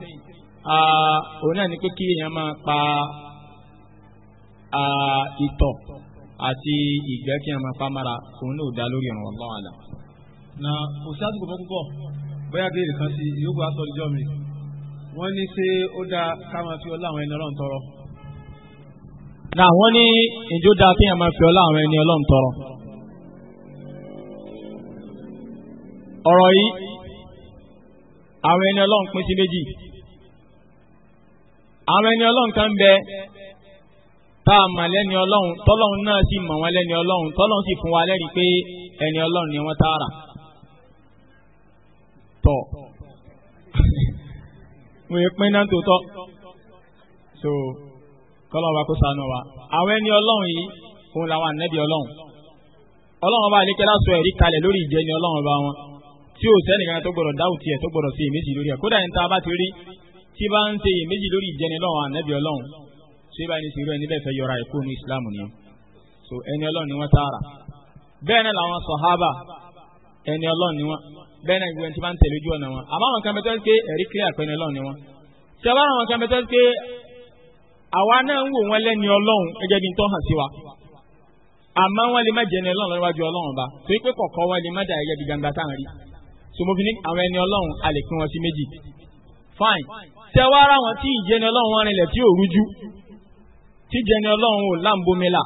òun náà ni pé kí èèyàn máa pa ìtọ̀ àti ìgbẹ́ kí a máa pa mára òun náà ò dá lórí ọ̀ràn wallahu a'lam. na kò sí àsìkò fún púpọ̀ bóyá bí èrè kan sí yóò gbà sọ ìjọ mi wọ́n ní ṣé ó dáa ká máa fi ọlá àwọn ẹni ọlọ́run tọrọ. náà wọ́n ní ìjó dáa kéèyàn máa fi ọlá àwọn ẹni ọlọ́run tọrọ. ọ̀rọ̀ yìí àwọn ẹni ọlọ́run pín sí méjì. àwọn ẹni ọlọ́run kan bẹ tá a mà lẹ́ni ọlọ́run tọ́lọ́run náà sì mọ̀ wọ́n lẹ́ni ọlọ́run tọ́lọ́run sì fún wa lẹ́rìí pé ẹni ọlọ́run ni wọ́n tààrà. tọ́ wọn yẹ pín náà tòótọ́ so kọ́lọ́wọ́ bá kó sànù wa àwọn ẹni ọlọ́run yìí òun làwọn ànẹ́bí ọlọ́run ọlọ́run bá alẹ́ kẹ́lá sọ ẹ̀rí kalẹ̀ lórí ìjẹni ọlọ́run bá wọn tí ò sẹ́nìkan tó gbọ́dọ̀ dáhùn tiẹ̀ tó gbọ́dọ̀ sí èméjì lórí ẹ̀ kódà ní ta bá ti rí tí bá ń ṣe èméjì lórí ìjẹni ọlọ́run ànẹ́bí ọlọ́run ṣé báyìí ní sèrú ẹni bẹ́ẹ̀ fẹ́ yọra ẹ̀kú ní ìsìlámù ni so ẹni ọlọ́run ni wọ́n tààrà bẹ́ẹ̀ náà làwọn sàhábà ẹni ọlọ́run ni wọ́n bẹ́ẹ̀ náà ìwé ẹni tí bá ń tẹ̀lé ojú ọ̀nà wọn àmọ́ àwọn kan bẹ́tọ́ pé ẹ̀rí clear pẹ̀lú ọlọ́run ni wọn tí a bá àwọn kan bẹ́tọ́ pé àwa náà ń wò wọn lẹ́ni ọlọ́run gẹ́gẹ́ bí tọ́ hàn sí wa àmọ́ wọn lè má jẹ́ ẹni ọlọ́run níwájú ọlọ́run ba torí pé kọ̀ọ̀kọ́ wọn lè má dà gẹ́gẹ́ bí gbangba tá à ń rí so fi ní àwọn ẹni ọlọ́run a lè pín wọn sí méjì fine tẹ wá ara wọn tí ìjẹni ọlọ́run rinlẹ̀ tí ò rújú tí ìjẹni ọlọ́run ò láǹbomila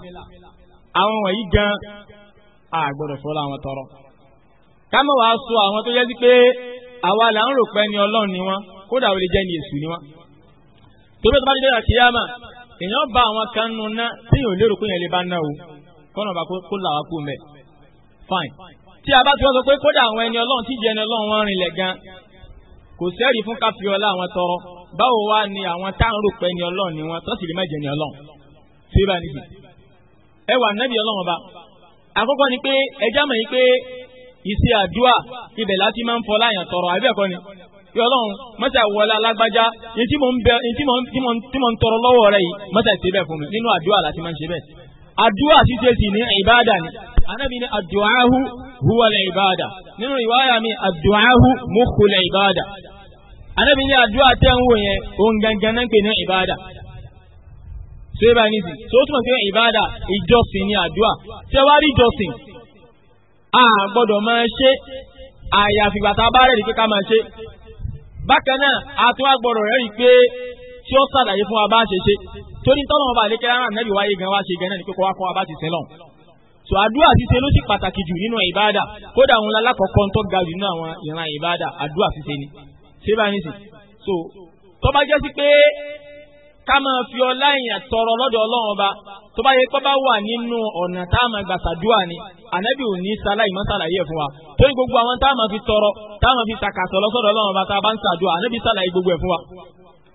ká má wàá sọ àwọn tó yẹ sí pé àwa là ń rò pé ni ọlọ́run ni wọ́n kódà ó lè jẹ́ ni èṣù ni wọ́n. torí pé tó bá dé dẹ́rẹ́ kíyámà èèyàn bá àwọn kan nu ná tí yóò lérò pé yẹn lè bá ná o kọ́nà bá kó là wá kú mẹ́. fine tí a bá ti wọ́n sọ pé kódà àwọn ẹni ọlọ́run tí jẹ́ ẹni ọlọ́run wọn rinlẹ̀ gan kò sẹ́rìí fún káfíọ́lá àwọn tọrọ báwo wá ni àwọn táwọn rò pé ni ọlọ́run ni wọ́n tó sì lè má jẹ́ ni ọlọ́run ìṣe àdúà ibẹ̀ láti máa ń fọlá yàn tọrọ àbẹ́ẹ̀kọ́ ni pé ọlọ́run mọ́tà wọlé alágbájá yìí tí mò ń tọrọ lọ́wọ́ rẹ̀ yìí mọ́tà ṣe bẹ́ẹ̀ fún mi nínú àdúrà láti máa ń ṣe bẹ́ẹ̀. àdúrà ṣíṣe sì ní ìbáàdà ni anábì ní àdùáhù huwalẹ̀ ìbáàdà nínú ìwáyà mi àdùáhù mọ́kùlẹ̀ ìbáàdà anábì ní àdúrà tẹ́ ń wò yẹn òun gangan náà pè ní ìbáàdà. ṣé báyìí nìyí tó túmọ̀ sí ìbáàdà ìjọsìn ni àdúrà tẹ́wárí ìjọsìn a gbọ́dọ̀ máa ṣe àyàfi bàtà bá rẹ̀ rí pé ká máa ṣe bákan náà a tún wá gbọ́dọ̀ rẹ̀ rí pé tí ó sàlàyé fún wa bá ṣe ṣe torí tọ́lọ́ ọba àlékẹ́ rárá nẹ́bí wáyé gan wá ṣe gan náà ní kókó wá fún wa bá ti sẹ́ lọ́hùn. sọ àdúrà ṣíṣe ló sì pàtàkì jù nínú ìbáàdà kódà àwọn alákọ̀ọ́kọ́ ń tọ́ ga jù nínú àwọn ìran ìbáàdà àdúrà ṣíṣe ni ṣé bá ní sè so tó bá jẹ́ sí pé ká máa fi ọlá ìyàn tọrọ lọ́dọ̀ ọlọ́run ọba tó bá yẹ kó bá wà nínú ọ̀nà tá a máa gbà sàdúrà ni ànábì ò ní sáláì má sàlàyé ẹ̀ fún wa torí gbogbo àwọn tá a máa fi tọrọ tá a máa fi sàkàtọ̀ lọ́sọ̀dọ̀ Ọlọ́run ọba tá a bá ń sàdúrà ànábì sàlàyé gbogbo ẹ̀ fún wa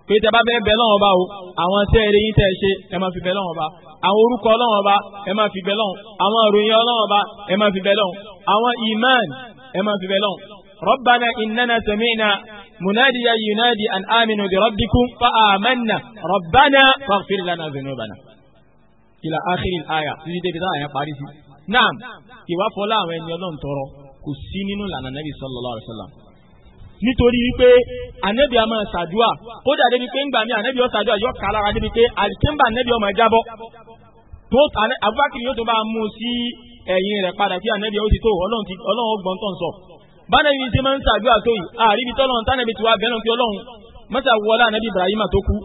pé tẹ bá fẹ́ bẹ lọ́wọ́ bá o àwọn tẹ́ eré yín tẹ́ ṣe ẹ máa fi bẹ lọ́wọ́ bá àwọn orúkọ Ọlọ́run bá ẹ máa fi bẹ lọ́wọ́ àwọn ìròyìn Ọlọ́run bá ẹ máa fi bẹ lọ́wọ́ àwọn iman ẹ máa fi bẹ lọ́wọ́ ربنا إننا سمعنا مناديا ينادي أن آمنوا بربكم فآمنا ربنا فاغفر لنا ذنوبنا ìlà ákìrì àyà títí débi táwọn àyà parí sí. naam ìwà fọlá àwọn ẹni ọlọ́run tọrọ kò sí nínú ìlànà nẹ́bí sallallahu alaihi wasallam. nítorí wípé ànẹ́bí a máa ṣàdúà kódà débi pé ńgbà mí ànẹ́bí ó ṣàdúà yọ kà lára débi pé àdìkẹ́mbà ànẹ́bí ó máa jábọ́. tó Abubakar yóò tó bá mú sí ẹ̀yìn rẹ̀ padà kí ànẹ́bí ó ti tó ọlọ́run ọgbọ̀n tó ń sọ. bánẹ́bí ti ọlọ́run mọ́tà tó kú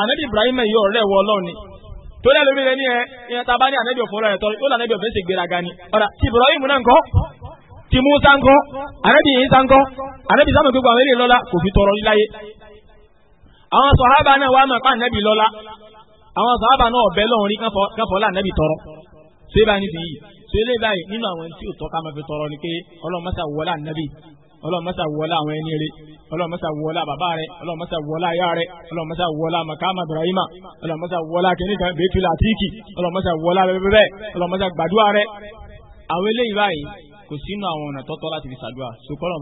ànẹ́bí torí ẹlòmí rẹ ní ẹ ìyẹn tá bá ní ànábì ọ̀fọ́ rẹ tọ́lọ́ yóò lànàbì ọ̀fẹ́ sì gbéraga ni ọ̀rà tí Ibrahim náà ń kọ́ Musa ń kọ́ yìí sá ń kọ́ ànábì gbogbo àwọn eléyìí lọ́la kò fi tọrọ níláyé àwọn sọ̀hábà náà wà máa pa ànábì lọ́la àwọn sọ̀hábà náà ọ̀bẹ lọ́run rí káfọ́lá ànábì tọrọ ṣé báyìí nìyí ṣé báyìí nínú àwọn tí ò tọ́ ká máa fi tọrọ ni pé ọlọ́run ọlọ́run mọ́sá wọlá àwọn ẹni rẹ ọlọ́run mọ́sá wọlá bàbá rẹ ọlọ́run mọ́sá wọlá ìyá rẹ ọlọ́run mọ́sá wọlá makama ibrahima ọlọ́run mọ́sá wọlá kìnìkan bẹ́ẹ̀tù látìkì ọlọ́run mọ́sá wọlá bẹ́ẹ̀ ọlọ́run mọ́sá gbàdúrà rẹ. àwọn eléyìí báyìí kò sínú àwọn ọ̀nà tọ́tọ́ láti fi ṣàdúrà sọkọ́lọ́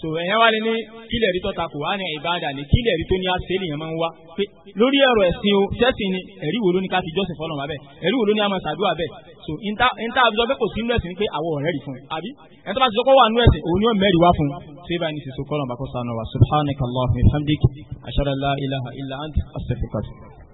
so ẹ̀yẹn wá lé ní kílẹ̀ rí tọ́ta kò wá ní ìbáàdà ní kílẹ̀ rí tó ní àṣẹ nìyẹn máa ń wá pé lórí ọ̀rọ̀ ẹ̀sìn o sẹ́sìn ni ẹ̀rí wo ló ní ká ti jọ́sìn fọ́lọ́run abẹ́ ẹ̀rí wo ló ní a máa ṣàdúrà bẹ́ẹ̀ so níta níta àbújọ pé kò sí inú ẹ̀sìn pé àwọ̀ ọ̀rẹ́ rí fún un àbí ẹni tó bá ti sọ pé wà nú ẹ̀sìn òun yóò mẹ́rin wá fún un